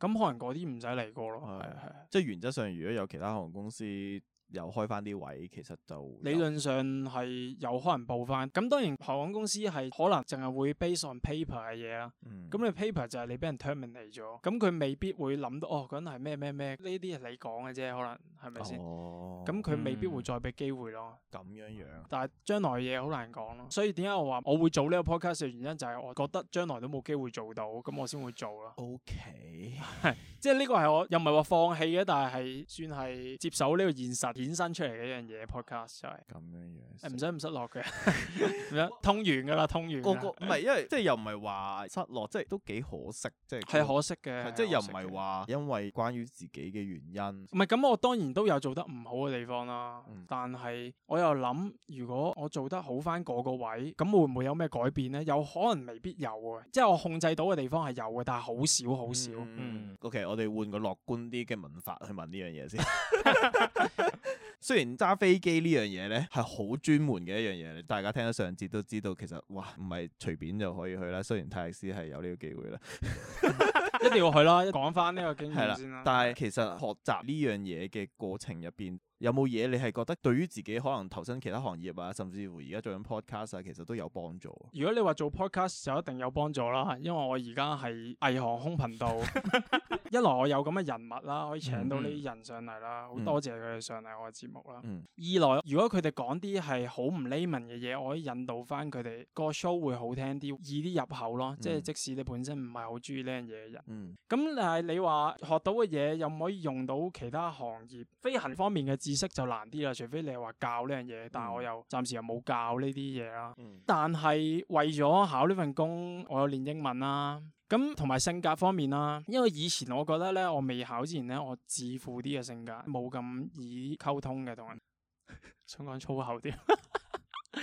咁可能嗰啲唔使嚟過囉。係係，即係原則上，如果有其他航空公司。有開翻啲位，其實就理論上係有可能報翻。咁當然，航空公司係可能淨係會 base on paper 嘅嘢啦。咁、嗯、你 paper 就係你俾人 terminate 咗，咁佢未必會諗到哦。嗰人係咩咩咩？呢啲係你講嘅啫，可能係咪先？咁佢、哦、未必會再俾機會咯。咁、嗯、樣樣，但係將來嘢好難講咯。所以點解我話我會做呢個 podcast 嘅原因就係我覺得將來都冇機會做到，咁我先會做咯。O K，即係呢個係我又唔係話放棄嘅，但係係算係接受呢個現實。衍生出嚟嘅一樣嘢，Podcast 就係、是、咁樣樣，唔使唔失落嘅，通 完噶啦，通完個個唔係，因為即係又唔係話失落，即係都幾可惜，即係係、那個、可惜嘅，即係又唔係話因為關於自己嘅原因，唔係咁，我當然都有做得唔好嘅地方啦，嗯、但係我又諗，如果我做得好翻嗰個位，咁會唔會有咩改變呢？有可能未必有啊，即係我控制到嘅地方係有嘅，但係好少好少。少，嗯，嗯，OK，我哋換個樂觀啲嘅文法去問呢樣嘢先。 雖然揸飛機呢樣嘢咧，係好專門嘅一樣嘢，大家聽得上節都知道，其實哇唔係隨便就可以去啦。雖然泰歷斯係有呢個機會啦， 一定要去啦。講翻呢個經驗先啦。但係其實學習呢樣嘢嘅過程入邊。有冇嘢你係覺得對於自己可能投身其他行業啊，甚至乎而家做緊 podcast 啊，其實都有幫助。如果你話做 podcast 就一定有幫助啦，因為我而家係藝航空頻道， 一來我有咁嘅人物啦，可以請到呢啲人上嚟啦，好多、嗯、謝佢哋上嚟我嘅節目啦。嗯、二來，如果佢哋講啲係好唔 layman 嘅嘢，我可以引導翻佢哋個 show 會好聽啲，易啲入口咯。嗯、即係即使你本身唔係好中意呢樣嘢嘅人，咁但係你話學到嘅嘢又唔可以用到其他行業飛行方面嘅知？意識就難啲啦，除非你係話教呢樣嘢，但係我又暫時又冇教呢啲嘢啦。嗯、但係為咗考呢份工，我有練英文啦。咁同埋性格方面啦，因為以前我覺得咧，我未考之前咧，我自負啲嘅性格，冇咁易溝通嘅同人。 想講粗口啲，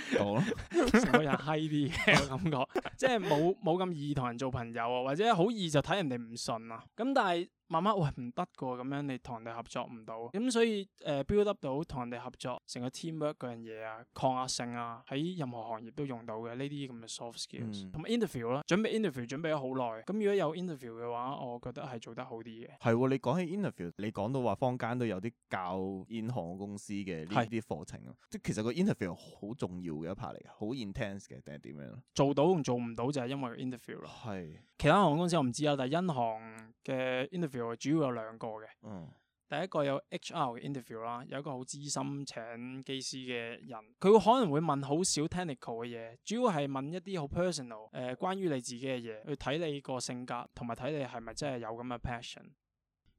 成 個 人嗨啲嘅感覺，即係冇冇咁易同人做朋友，或者好易就睇人哋唔順啊。咁但係。慢慢喂唔得個咁樣，你同人哋合作唔到，咁、嗯、所以誒、呃、build up 到同人哋合作成個 teamwork 嗰樣嘢啊，抗壓性啊，喺任何行業都用到嘅呢啲咁嘅 soft skills，同埋 interview 啦，嗯、interview，準備 interview 準備咗好耐，咁如果有 interview 嘅話，我覺得係做得好啲嘅。係喎、哦，你講起 interview，你講到話坊間都有啲教銀行公司嘅呢啲課程啊。即係其實個 interview 好重要嘅一 part 嚟，好 intense 嘅定係點樣？做到同做唔到就係因為 interview 咯。係。其他航空公司我唔知啊，但係因航嘅 interview 主要有兩個嘅。嗯、第一個有 HR 嘅 interview 啦，有一個好資深請機師嘅人，佢可能會問好少 technical 嘅嘢，主要係問一啲好 personal 誒、呃、關於你自己嘅嘢，去睇你個性格同埋睇你係咪真係有咁嘅 passion。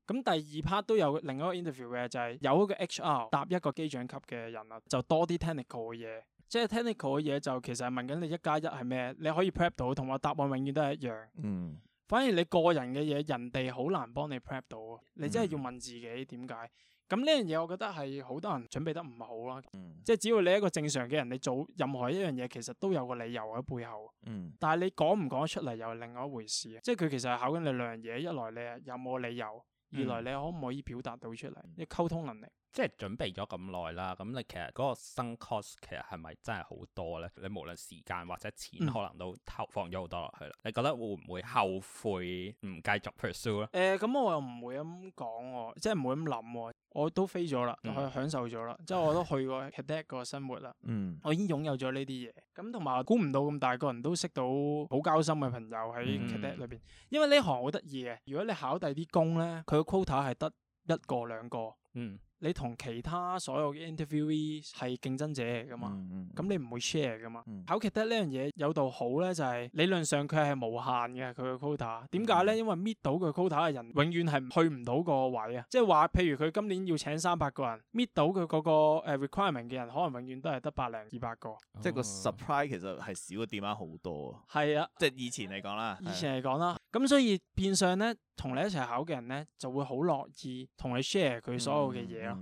咁第二 part 都有另一個 interview 嘅就係、是、有一個 HR 搭一個機長級嘅人啦，就多啲 technical 嘅嘢。即係 technical 嘅嘢就其實係問緊你一加一係咩，你可以 prep 到，同埋答案永遠都係一樣。嗯、反而你個人嘅嘢，人哋好難幫你 prep 到啊！你真係要問自己點解？嗯、咁呢樣嘢我覺得係好多人準備得唔好啦。嗯、即係只要你一個正常嘅人，你做任何一樣嘢，其實都有個理由喺背後。嗯、但係你講唔講得出嚟又係另外一回事。即係佢其實係考緊你兩樣嘢：一來你有冇理由；二來你可唔可以表達到出嚟？一、這個、溝通能力。即係準備咗咁耐啦，咁你其實嗰個新 cost 其實係咪真係好多咧？你無論時間或者錢，嗯、可能都投放咗好多落去啦。你覺得會唔會後悔唔繼續 pursue 咧？誒、呃，咁、嗯嗯、我又唔會咁講喎，即係唔會咁諗喎。我都飛咗啦，可以享受咗啦。嗯、即係我都去過 Cadet 個生活啦。嗯，我已經擁有咗呢啲嘢。咁同埋估唔到咁大個人都識到好交心嘅朋友喺 Cadet 裏邊，嗯、因為呢行好得意嘅。如果你考第啲工咧，佢個 quota 係得一個兩個。嗯。你同其他所有嘅 interviewer 係競爭者嚟㗎嘛？咁、嗯嗯、你唔會 share 㗎嘛？嗯、考 cadet，呢樣嘢有度好呢，就係、是、理論上佢係無限嘅佢個 quota。點解呢？嗯、因為 meet 到佢 quota 嘅人，永遠係去唔到個位啊！即係話，譬如佢今年要請三百個人，meet 到佢嗰個 requirement 嘅人，可能永遠都係得百零二百個。嗯、即係個 surprise 其實係少個電話好多啊！係啊、嗯，即係以前嚟講啦。嗯、以前嚟講啦。嗯嗯咁所以變相咧，同你一齊考嘅人咧，就會好樂意同你 share 佢所有嘅嘢咯。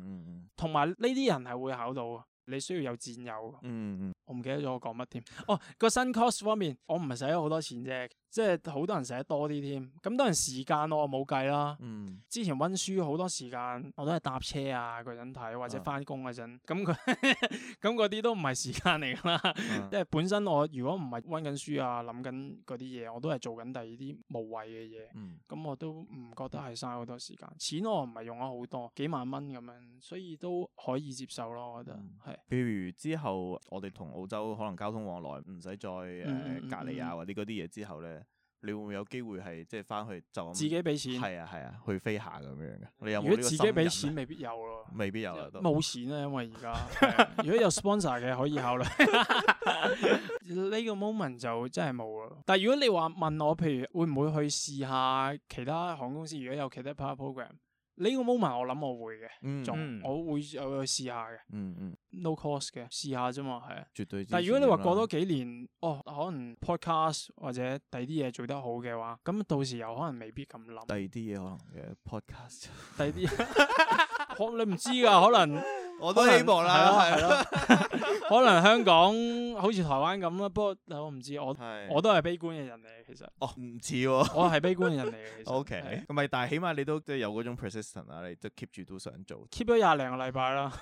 同埋呢啲人係會考到嘅，你需要有戰友嘅。嗯嗯。我唔記得咗我講乜添。哦，個新 course 方面，我唔係使咗好多錢啫。即係好多人寫多啲添，咁當然時間我冇計啦。嗯、之前溫書好多時間，我都係搭車啊嗰陣睇，或者翻工嗰陣，咁佢咁嗰啲都唔係時間嚟㗎啦。即係、啊、本身我如果唔係溫緊書啊，諗緊嗰啲嘢，我都係做緊第二啲無謂嘅嘢，咁、嗯、我都唔覺得係嘥好多時間。錢我唔係用咗好多，幾萬蚊咁樣，所以都可以接受咯。我覺得係。譬、嗯、是如之後我哋同澳洲可能交通往來唔使再誒隔離啊或者嗰啲嘢之後咧。你會唔會有機會係即係翻去就自己俾錢？係啊，係啊，啊，去飛下咁樣嘅。你有冇？如果自己俾錢，未必有咯。未必有啦，冇即都 錢啊，因為而家。 如果有 sponsor 嘅，可以考慮。呢 個 moment 就真係冇啦。但係如果你話問我，譬如會唔會去試下其他航空公司？如果有其他 power program 呢個 moment 我諗我會嘅，我會又去試下嘅，no cost 嘅試下啫嘛，係啊。絕對。但係如果你話過多幾年，嗯、哦，可能 podcast 或者第二啲嘢做得好嘅話，咁到時又可能未必咁諗。第二啲嘢可能嘅 podcast，第二啲嘢，你唔知㗎，可能。我都希望啦，係咯， 可能香港好似台灣咁啦，但不過我唔知，我是我都係悲觀嘅人嚟，其實。哦，唔似喎。 我係悲觀嘅人嚟。O K，唔係，但係起碼你都即係有嗰種 persistent 啦，你都 keep 住都想做，keep 咗廿零個禮拜啦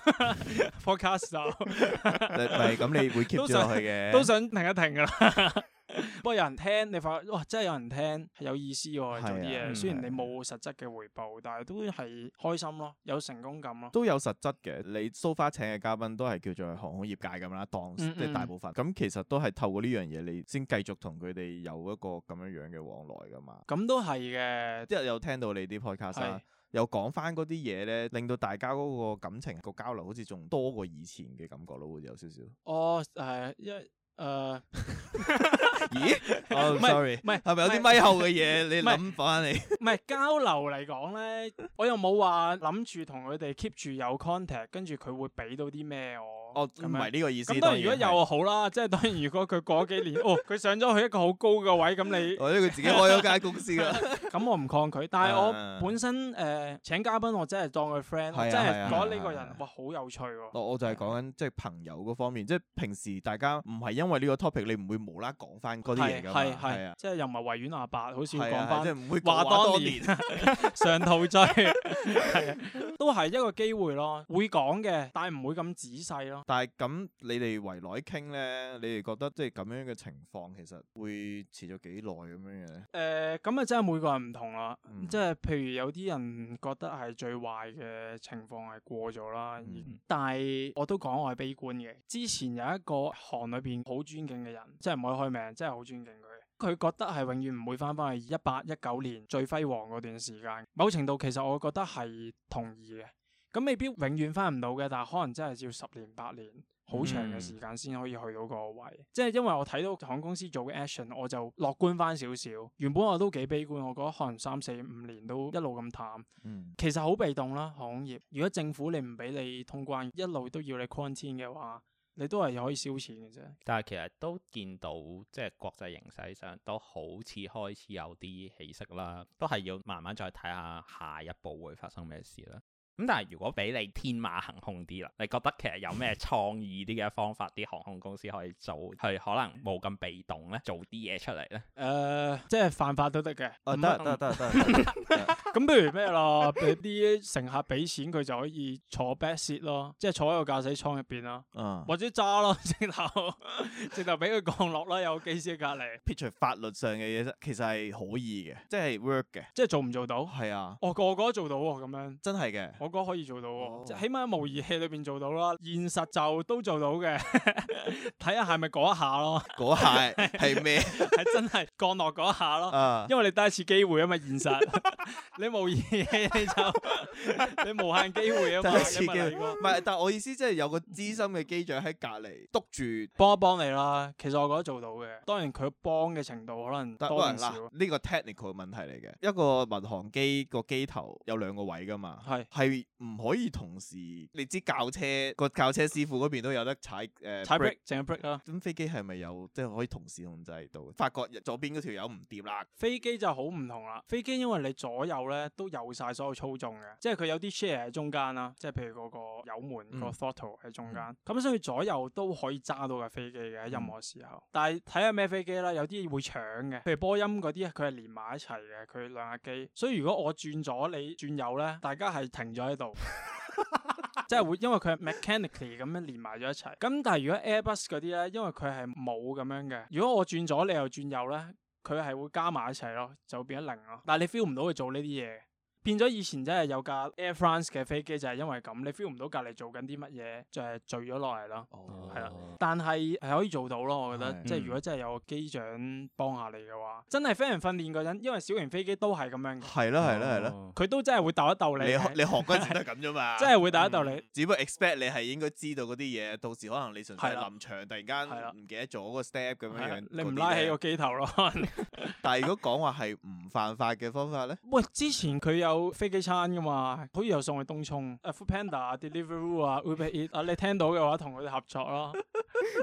，forecast 就唔唔咁，你會 keep 住落去嘅，都想停一停噶啦。 不過有人聽，你發覺哇，真係有人聽，有意思喎，啊、做啲嘢。嗯、雖然你冇實質嘅回報，啊、但係都係開心咯，有成功感咯。都有實質嘅，你蘇、so、far 請嘅嘉賓都係叫做航空業界咁啦，當即係大部分。咁、嗯嗯、其實都係透過呢樣嘢，你先繼續同佢哋有一個咁樣樣嘅往來噶嘛。咁都係嘅，嗯、即係有聽到你啲 podcast、啊、 又講翻嗰啲嘢咧，令到大家嗰個感情、嗰個交流好似仲多過以前嘅感覺咯，有少少。哦，係、呃，一、嗯。誒？Uh, 咦？唔、oh, sorry，唔係，係咪有啲咪喉嘅嘢？你諗翻你唔係交流嚟講咧， 我又冇話諗住同佢哋 keep 住有 contact，跟住佢會俾到啲咩我？我唔係呢個意思。咁當然，如果又好啦，即係當然，如果佢過咗幾年，哦，佢上咗去一個好高嘅位，咁你或者佢自己開咗間公司啦。咁我唔抗拒，但係我本身誒請嘉賓，我真係當佢 friend，即係覺得呢個人哇好有趣，我就係講緊即係朋友嗰方面，即係平時大家唔係因為呢個 topic，你唔會無啦講翻嗰啲嘢㗎嘛。係係啊，即係又唔係維園阿伯，好似講翻即係唔會話多年上圖醉，都係一個機會咯。會講嘅，但係唔會咁仔細咯。但係咁，你哋圍內傾呢？你哋覺得即係咁樣嘅情況，其實會持續幾耐咁樣嘅咧？誒，咁啊，真係每個人唔同啦。嗯、即係譬如有啲人覺得係最壞嘅情況係過咗啦，嗯，但係我都講我係悲觀嘅。之前有一個行裏邊好尊敬嘅人，即係唔可以開名，真係好尊敬佢。佢覺得係永遠唔會翻翻去一八一九年最輝煌嗰段時間。某程度其實我覺得係同意嘅。咁未必永遠翻唔到嘅，但係可能真係要十年八年好長嘅時間先可以去到個位。即係因為我睇到航空公司做嘅 action，我就樂觀翻少少。原本我都幾悲觀，我覺得可能三四五年都一路咁淡。嗯、其實好被動啦，行空業。如果政府你唔俾你通關，一路都要你 quarantine 嘅話，你都係可以燒錢嘅啫。但係其實都見到，即係國際形勢上都好似開始有啲起色啦。都係要慢慢再睇下下一步會發生咩事啦。咁但係如果俾你天馬行空啲啦，你覺得其實有咩創意啲嘅方法，啲航空公司可以做，係可能冇咁被動咧，做啲嘢出嚟咧？誒、呃，即係犯法都得嘅。得得得得。咁不如咩咯？俾啲乘客俾錢佢就可以坐 back seat 咯，即係坐喺個駕駛艙入邊啦。嗯。或者揸咯，直頭直頭俾佢降落啦，有機師隔籬。撇除法律上嘅嘢，其實係可以嘅，即係 work 嘅，即係做唔做到？係啊。哦，個個個都做到喎，咁樣。真係嘅。歌可以做到喎，哦、起碼喺模擬器裏邊做到啦。現實就都做到嘅，睇 下係咪嗰一下咯。嗰下係咩？係真係降落嗰一下咯。啊、因為你第一次機會啊嘛。現實、啊、 你模擬器你就 你無限機會啊嘛。第一次嘅唔係，但係我意思即係有個資深嘅機長喺隔離督住，幫一幫你啦。其實我覺得做到嘅，當然佢幫嘅程度可能多唔少。呢、呢個 technical 問題嚟嘅，一個民航機個機頭有兩個位㗎嘛，係係。唔可以同時，你知教車個教車師傅嗰邊都有得踩誒踩 break，整 break 咯。咁飛機係咪有即係可以同時控制到？發覺左邊嗰條友唔掂啦。飛機就好唔同啦，飛機因為你左右咧都有晒所有操縱嘅，即係佢有啲 share 喺中間啦，即係譬如嗰個油門、嗯、個 throttle 喺中間，咁、嗯、所以左右都可以揸到架飛機嘅，喺、嗯、任何時候。但係睇下咩飛機啦，有啲會搶嘅，譬如波音嗰啲，佢係連埋一齊嘅，佢兩架機。所以如果我轉左你，你轉右咧，大家係停咗。喺度， 即係會因為佢係 mechanically 咁樣連埋咗一齊。咁 但係如果 Airbus 啲咧，因為佢係冇咁樣嘅。如果我轉左，你又轉右咧，佢係會加埋一齊咯，就變咗零咯。但係你 feel 唔到佢做呢啲嘢。變咗以前真係有架 Air France 嘅飛機就係因為咁，你 feel 唔到隔籬做緊啲乜嘢就係墜咗落嚟咯。係啦、oh，但係係可以做到咯，我覺得。即係的如果真係有個機長幫下你嘅話，真係飛行訓練嗰陣，因為小型飛機都係咁樣。係啦，係啦，係啦。佢都真係會，會鬥一鬥你。你學嗰陣都係咁啫嘛。真係會鬥一鬥你，只不過 expect 你係應該知道嗰啲嘢，到時可能你純粹臨場突然間唔的的記得咗個 step 咁樣，的樣。你唔拉起個機頭咯。 但係如果講話係唔犯法嘅方法咧？喂，之前佢有。飛機餐噶嘛，可以又送去東涌，Foodpanda Delivery 啊，會畀啊，你聽到嘅話同佢哋合作咯。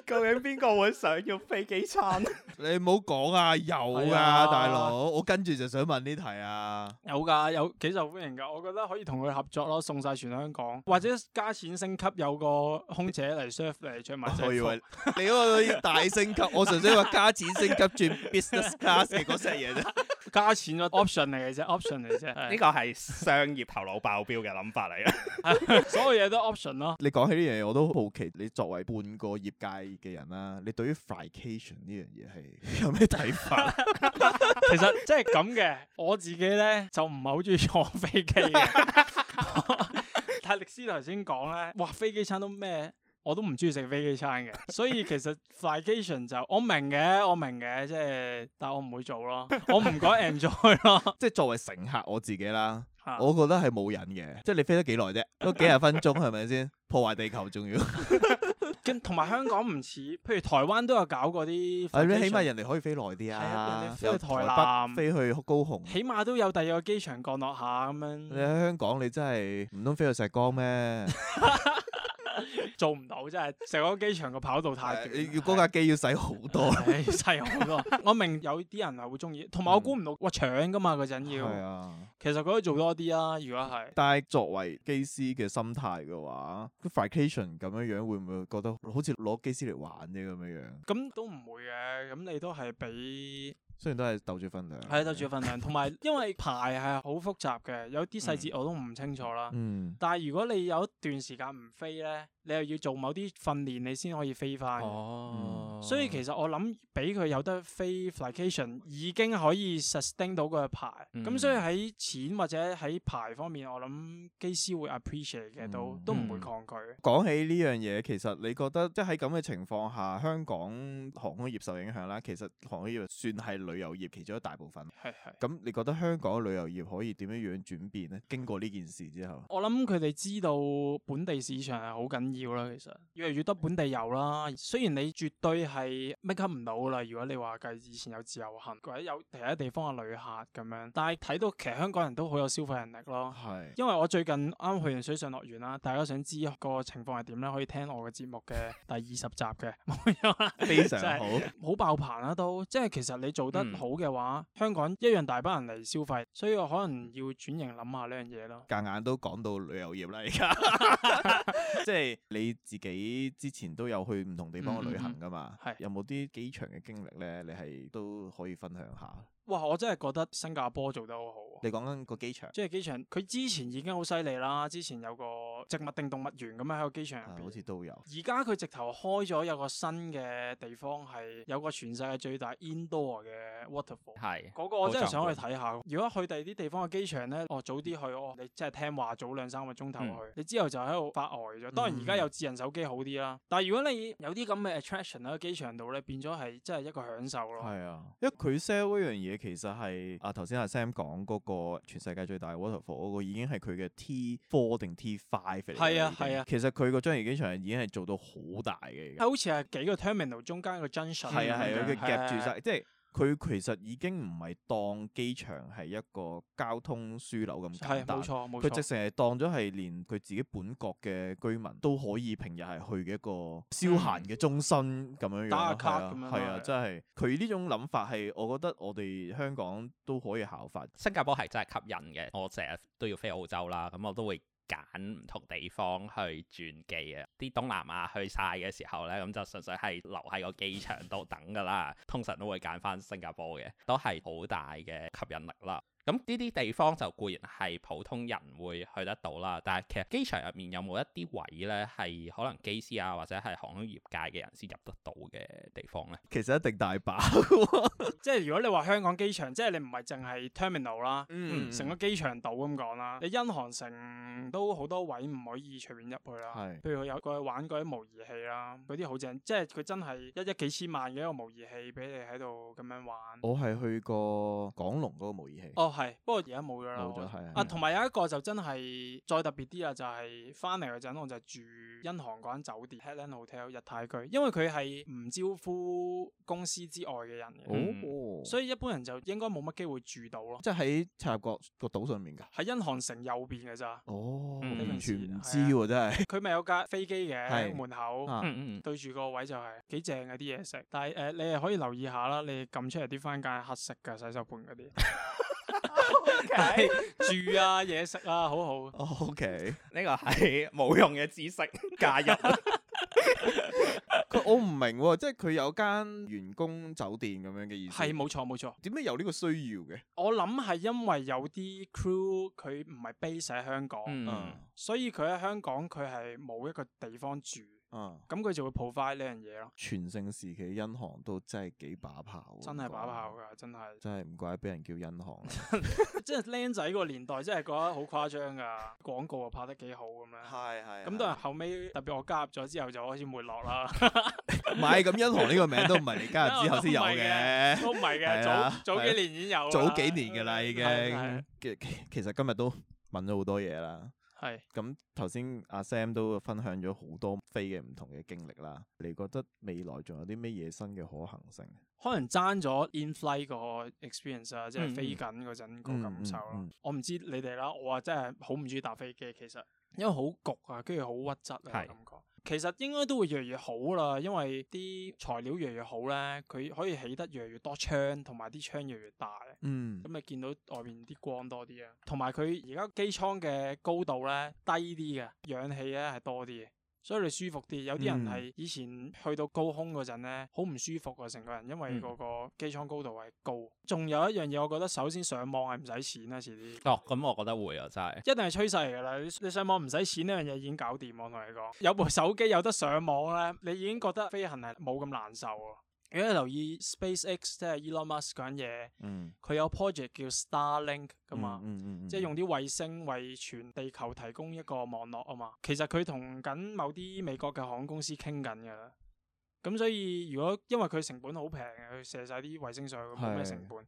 究竟邊個會想要飛機餐？你唔好講啊，有噶大佬，我跟住就想問呢題啊。有噶，有幾受歡迎噶，我覺得可以同佢合作咯，送晒全香港，或者加錢升級有個空姐嚟 serve 嚟出埋。可以，你可以大升級。我純粹話加錢升級轉 business class 嘅嗰隻嘢啫，加錢個 option 嚟嘅啫，option 嚟啫。呢個。係商業頭腦爆表嘅諗法嚟嘅，所有嘢都 option 咯、啊。你講起呢樣嘢，我都好奇。你作為半個業界嘅人啦，你對於 flycation 呢樣嘢係有咩睇法、啊？ 其實即係咁嘅，我自己咧就唔係好中意坐飛機嘅。 但係力斯頭先講咧，哇！飛機餐到咩？我都唔中意食飛機餐嘅，所以其實 vacation 就我明嘅，我明嘅，即係但係我唔會做咯，我唔覺得 enjoy 咯， 即係作為乘客我自己啦，啊、我覺得係冇癮嘅，即係你飛得幾耐啫，都幾廿分鐘係咪先？破壞地球仲要，咁同埋香港唔似，譬如台灣都有搞過啲、啊。係咯，起碼人哋可以飛耐啲啊，啊飛去台，台北、飛去高雄，起碼都有第二個機場降落下咁樣、嗯你。你喺香港你真係唔通飛去石崗咩？ 做唔到真係，成個機場個跑道太短，要嗰架機要使好多，對 多，要使好多。我明有啲人係會中意，同埋我估唔到，嗯、哇搶噶嘛嗰陣要，嗯、其實佢可以做多啲啊。如果係，但係作為機師嘅心態嘅話，個 fication 咁樣樣會唔會覺得好似攞機師嚟玩啫咁樣樣？咁都唔會嘅，咁你都係俾。雖然都係鬥住份量，係鬥住份量，同埋 因為牌係好複雜嘅，有啲細節我都唔清楚啦。嗯，但係如果你有一段時間唔飛呢？你又要做某啲訓練，你先可以飛返，啊。哦，所以其實我諗，俾佢有得飛 vacation 已經可以 sustain 到個牌。咁、嗯、所以喺錢或者喺牌方面，我諗機師會 appreciate 嘅，都都唔會抗拒。嗯嗯、講起呢樣嘢，其實你覺得即喺咁嘅情況下，香港航空業受影響啦。其實航空業算係旅遊業其中一大部分。係係是。咁你覺得香港旅遊業可以點樣樣轉變咧？經過呢件事之後，我諗佢哋知道本地市場係好緊要。要啦，其實越嚟越多本地遊啦。雖然你絕對係 make up 唔到啦，如果你話計以前有自由行或者有其他地方嘅旅客咁樣，但係睇到其實香港人都好有消費能力咯。係，因為我最近啱去完水上樂園啦，大家想知個情況係點咧？可以聽我嘅節目嘅第二十集嘅，冇非常好，好 爆棚啦都。即係其實你做得好嘅話，香港一樣大班人嚟消費，所以我可能要轉型諗下呢樣嘢咯。夾硬，硬都講到旅遊業啦，而家即係。你自己之前都有去唔同地方嘅旅行噶嘛？係、嗯嗯、有冇啲機場嘅經歷咧？你係都可以分享下。哇！我真係覺得新加坡做得好好，啊。你講緊個機場，即係機場佢之前已經好犀利啦。之前有個植物定動物園咁樣喺個機場入邊，啊，好似都有。而家佢直頭開咗有個新嘅地方，係有個全世界最大 indoor 嘅 waterfall。係是。嗰個我真係想去睇下。如果去第二啲地方嘅機場咧，哦早啲去哦，你真係聽話早兩三個鐘頭去。嗯，你之後就喺度發呆咗。當然而家有智能手機好啲啦。嗯、哼但係如果你有啲咁嘅 attraction 喺個機場度咧，變咗係真係一個享受咯。係啊，因為佢 sell 嗰樣嘢。其實係啊，頭先阿 Sam 講嗰個全世界最大 waterfall 嗰個已經係佢嘅 T four 定 T five 嚟。係啊係啊，啊其實佢個樟宜機場，已經係做到大好大嘅。好似係幾個 terminal 中間一真相。細。啊係啊，佢、啊啊啊啊啊、夾住曬即係。佢其實已經唔係當機場係一個交通樞紐咁簡單，係冇錯冇錯。佢直情係當咗係連佢自己本國嘅居民都可以平日係去嘅一個消閒嘅中心咁、嗯、樣樣打卡。係啊，啊，真係佢呢種諗法係，我覺得我哋香港都可以效法。新加坡係真係吸引嘅，我成日都要飛澳洲啦，咁我都會。揀唔同地方去轉機呀。啲東南亞去晒嘅時候呢，咁就純粹係留喺個機場度等㗎啦。通常都會揀返新加坡嘅，都係好大嘅吸引力啦。咁呢啲地方就固然係普通人會去得到啦，但係其實機場入面有冇一啲位咧，係可能機師啊或者係航空業界嘅人先入得到嘅地方咧？其實一定大把，啊 即，即係如果你話香港機場，即係你唔係淨係 terminal 啦，嗯，成、嗯、個機場島咁講啦，嗯、你因航城都好多位唔可以隨便入去啦，係是，譬如佢有過玩嗰啲模擬器啦，嗰啲好正，即係佢真係一一幾千萬嘅一個模擬器俾你喺度咁樣玩。我係去過港龍嗰個模擬器。哦係，不過而家冇咗啦，冇咗，係啊。同埋有一個就真係再特別啲啊，就係翻嚟嗰陣，我就住因航嗰間酒店，Headland Hotel 日泰居，因為佢係唔招呼公司之外嘅人嘅，所以一般人就應該冇乜機會住到咯。即係喺赤鱲角個島上面㗎。喺因航城右邊嘅咋。哦，你完全唔知喎，真係。佢咪有架飛機嘅喺門口，嗯嗯，對住個位就係幾正嘅啲嘢食。但係誒，你係可以留意下啦，你撳出嚟啲翻間黑色嘅洗手盆嗰啲。Okay, 住啊，嘢食啊，好好。O K. 呢個係冇用嘅知識加入。佢 我唔明，即係佢有間員工酒店咁樣嘅意思。係冇錯冇錯。點解有呢個需要嘅？我諗係因為有啲 crew 佢唔係 base 喺香港，嗯、所以佢喺香港佢係冇一個地方住。嗯，咁佢、啊、就會破 r 呢樣嘢咯。全盛時期，殷航都真係幾把炮，真係把炮㗎，真係。真係唔怪俾人叫殷航，即係僆仔個年代，真係覺得好誇張㗎。廣告又拍得幾好咁樣，係係。咁都人後尾，是是是特別我加入咗之後，就開始沒落啦。唔係，咁殷行呢個名都唔係你加入之後先有嘅，都唔係嘅。係、 啊、早，早幾年已經有、啊，早幾年㗎啦已經。 的其實今日都問咗好多嘢啦。係咁，頭先阿 Sam 都分享咗好多飛嘅唔同嘅經歷啦。你覺得未來仲有啲咩嘢新嘅可行性？可能爭咗 in-flight 個 experience 啊，即係飛緊嗰陣個感受咯。嗯嗯嗯嗯、我唔知你哋啦，我話真係好唔中意搭飛機，其實因為好焗啊，跟住好屈質啊是感覺。其實應該都會越嚟越好啦，因為啲材料越嚟越好咧，佢可以起得越嚟越多窗，同埋啲窗越嚟越大，咁、嗯、你見到外面啲光多啲啊。同埋佢而家機艙嘅高度咧低啲嘅，氧氣咧係多啲嘅。所以你舒服啲，有啲人係以前去到高空嗰陣咧，好唔、嗯、舒服啊。成個人，因為嗰個機艙高度係高。仲有一樣嘢，我覺得首先上網係唔使錢啦、啊，遲啲。哦，咁我覺得會啊，真係。一定係趨勢嚟噶啦，你上網唔使錢呢樣嘢已經搞掂。我同你講，有部手機有得上網咧，你已經覺得飛行係冇咁難受啊。如果你留意 SpaceX 即係 Elon Musk 講嘢，佢、嗯、有 project 叫 Starlink 噶嘛，嗯嗯嗯、即係用啲衛星為全地球提供一個網絡啊嘛。其實佢同緊某啲美國嘅航空公司傾緊㗎喇，咁所以如果因為佢成本好平，佢射晒啲衛星上去冇咩成本，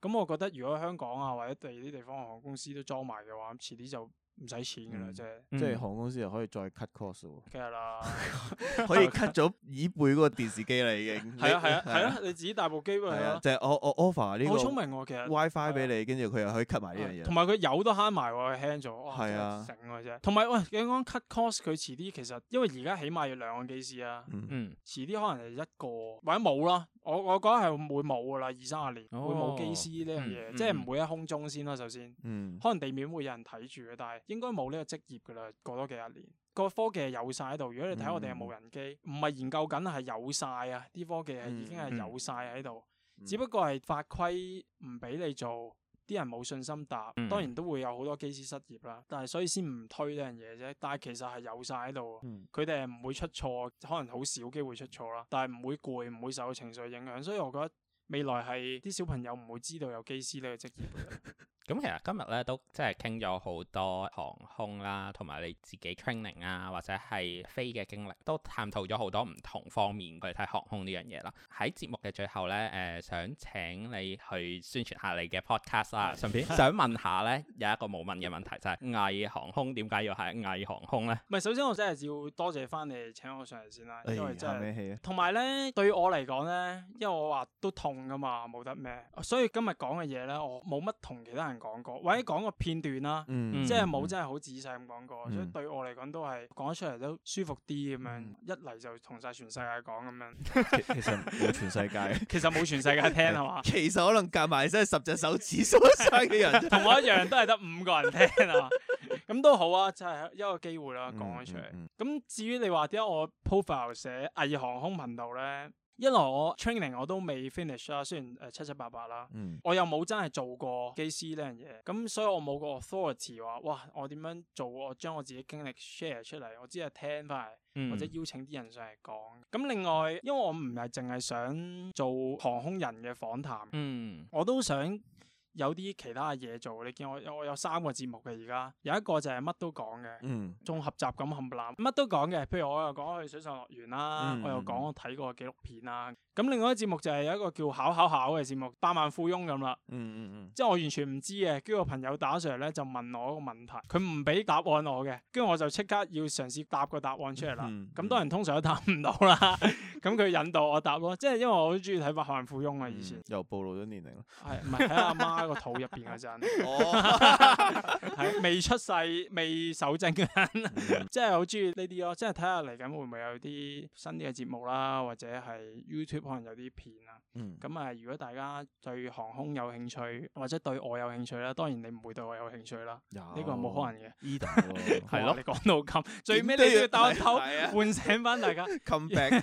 咁我覺得如果香港啊或者第二啲地方航空公司都裝埋嘅話，遲啲就。唔使錢噶啦，即係即係航空公司又可以再 cut cost 喎。梗係啦，可以 cut 咗椅背嗰個電視機啦，已經係啊係啊係啊，你自己帶部機啊，即係我我 offer 呢，好聰明，其實 WiFi 俾你，跟住佢又可以 cut 埋呢樣嘢。同埋佢油都慳埋，佢輕咗。係啊，成嘅啫。同埋喂，你講 cut cost，佢遲啲其實因為而家起碼要兩個機師啊，嗯，遲啲可能係一個或者冇啦。我我覺得係會冇噶啦，二三十年會冇機師呢樣嘢，即係唔會喺空中先啦，首先，可能地面會有人睇住嘅，但係。應該冇呢個職業㗎啦，過多幾十年個科技係有晒喺度。如果你睇我哋嘅無人機，唔係研究緊，係有晒啊！啲科技係已經係有晒喺度，只不過係法規唔俾你做，啲人冇信心搭。當然都會有好多機師失業啦。但係所以先唔推呢樣嘢啫。但係其實係有晒喺度，佢哋係唔會出錯，可能好少機會出錯啦。但係唔會攰，唔會受到情緒影響，所以我覺得未來係啲小朋友唔會知道有機師呢個職業。 咁其實今日咧都即係傾咗好多航空啦，同埋你自己 training 啊，或者係飛嘅經歷，都探討咗好多唔同方面，我哋睇航空呢樣嘢啦。喺節目嘅最後咧，誒、呃、想請你去宣傳下你嘅 Podcast 啦。是順便想問下咧，有一個冇問嘅問題就係、是、藝航空點解要係藝航空咧？唔係首先我真係要多謝翻你請我上嚟先啦，唉因為真係同埋咧對我嚟講咧，因為我話都痛噶嘛，冇得咩，所以今日講嘅嘢咧，我冇乜同其他人講過，或者講個片段啦，即係冇真係好仔細咁講過，所以對我嚟講都係講出嚟都舒服啲咁樣，一嚟就同晒全世界講咁樣。其實冇全世界，其實冇全世界聽係嘛？其實可能夾埋真係十隻手指所生嘅人，同我一樣都係得五個人聽啊，咁都好啊，就係一個機會啦，講咗出嚟。咁至於你話點解我 profile 寫偽航空頻道咧？因為我 training 我都未 finish 啦，雖然誒、呃、七七八八啦，嗯、我又冇真係做過機師呢樣嘢，咁所以我冇個 authority 話，哇！我點樣做？我將我自己經歷 share 出嚟，我只係聽翻嚟，或者邀請啲人上嚟講。咁、嗯、另外，因為我唔係淨係想做航空人嘅訪談，嗯、我都想，有啲其他嘢做，你見我我有三個節目嘅而家，有一個就係乜都講嘅，嗯、綜合集咁冚唪唥乜都講嘅。譬如我又講去水上樂園啦，嗯、我又講我睇過紀錄片啦。咁、嗯、另外一個節目就係有一個叫考考考嘅節目，百萬富翁咁啦。嗯嗯、即係我完全唔知嘅，跟住個朋友打上嚟咧，就問我一個問題，佢唔俾答案我嘅，跟住我就即刻要嘗試答個答案出嚟啦。咁多人通常都答唔到啦，咁佢、嗯、 引導我答咯，即係因為我好中意睇百萬富翁啊，以前。又暴露咗年齡。係、 哎，唔係睇阿媽。喺個肚入邊嗰陣，係未出世未守正，嘅人，即係好中意呢啲咯。即係睇下嚟緊會唔會有啲新啲嘅節目啦，或者係 YouTube 可能有啲片啊。咁啊、嗯，如果大家對航空有興趣，或者對我有興趣啦，當然你唔會對我有興趣啦。呢個冇可能嘅呢度。d 係咯。你講到咁，最尾你要兜一兜，喚醒翻大家 come back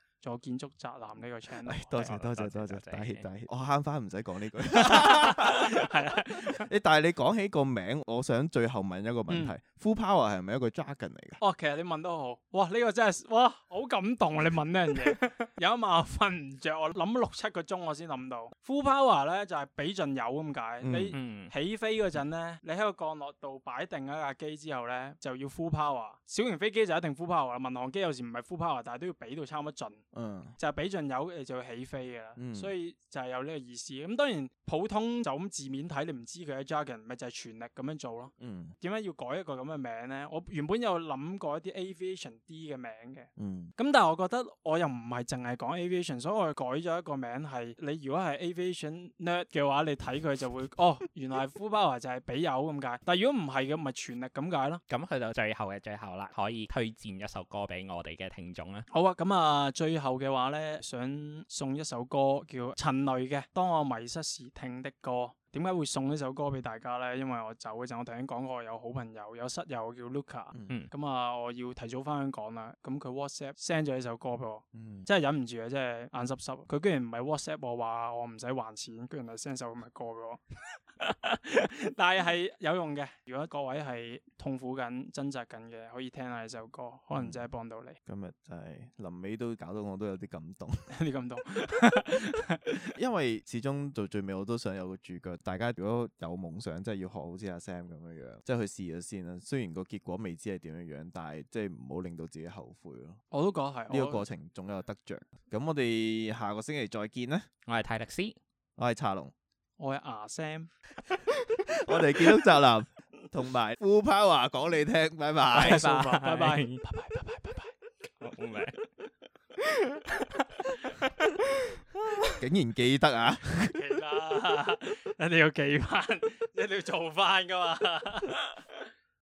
做建築宅男呢個 channel，多謝多謝多謝，大謝大謝，我慳翻唔使講呢句，係啦。你但係你講起個名，我想最後問一個問題，full power 係咪一個 dragon 嚟㗎？哦，其實你問都好，哇呢個真係哇好感動啊！你問呢樣嘢，有一晚瞓唔着，我諗六七個鐘我先諗到。full power 咧就係俾盡油咁解。你起飛嗰陣咧，你喺個降落度擺定一架機之後咧，就要 full power。小型飛機就一定 full power 啦，民航機有時唔係 full power，但係都要俾到差唔多盡。嗯，就俾盡油，你就要起飛嘅，嗯、所以就係有呢個意思。咁、嗯、當然普通就咁字面睇，你唔知佢嘅 jargon 咪就係全力咁樣做咯。嗯，點解要改一個咁嘅名咧？我原本有諗過一啲 aviation D 嘅名嘅。嗯，咁但係我覺得我又唔係淨係講 aviation，所以我改咗一個名係你如果係 aviation nerd 嘅話，你睇佢就會 哦，原來 full power 就係俾油」咁解。但係如果唔係嘅咪全力咁解咯。咁去到最後嘅最後啦，可以推薦一首歌俾我哋嘅聽眾啦。好啊，咁啊最後嘅話咧，想送一首歌叫《陳蕾嘅，當我迷失時聽的歌》。點解會送呢首歌俾大家咧？因為我走嗰陣，我頭先講過有好朋友，有室友叫 Luca，咁啊，我要提早翻香港啦。咁佢 WhatsApp send 咗呢首歌俾我，嗯、真係忍唔住啊！真係眼濕濕。佢居然唔係 WhatsApp 我話我唔使還錢，居然係 send 首咁嘅歌俾我。嗯、 但係係有用嘅。如果各位係痛苦緊、掙扎緊嘅，可以聽下呢首歌，可能真係幫到你。嗯、今日真係臨尾都搞到我都有啲感動， 有啲感動。 因為始終到最尾我都想有個主角。大家如果有夢想，真係要學好似阿 Sam 咁樣樣，即係去試咗先啦。雖然個結果未知係點樣樣，但係即係唔好令到自己後悔咯。我都講係呢個過程總有得着。咁我哋下個星期再見啦。我係泰力斯，我係茶龍，我係阿 Sam， 我哋建築宅男同埋 FULL POWER 講你聽，拜拜，拜拜， 拜拜，拜拜，拜拜，拜拜，講名。竟然記得啊！記得，一定要記翻，一定要做翻㗎嘛～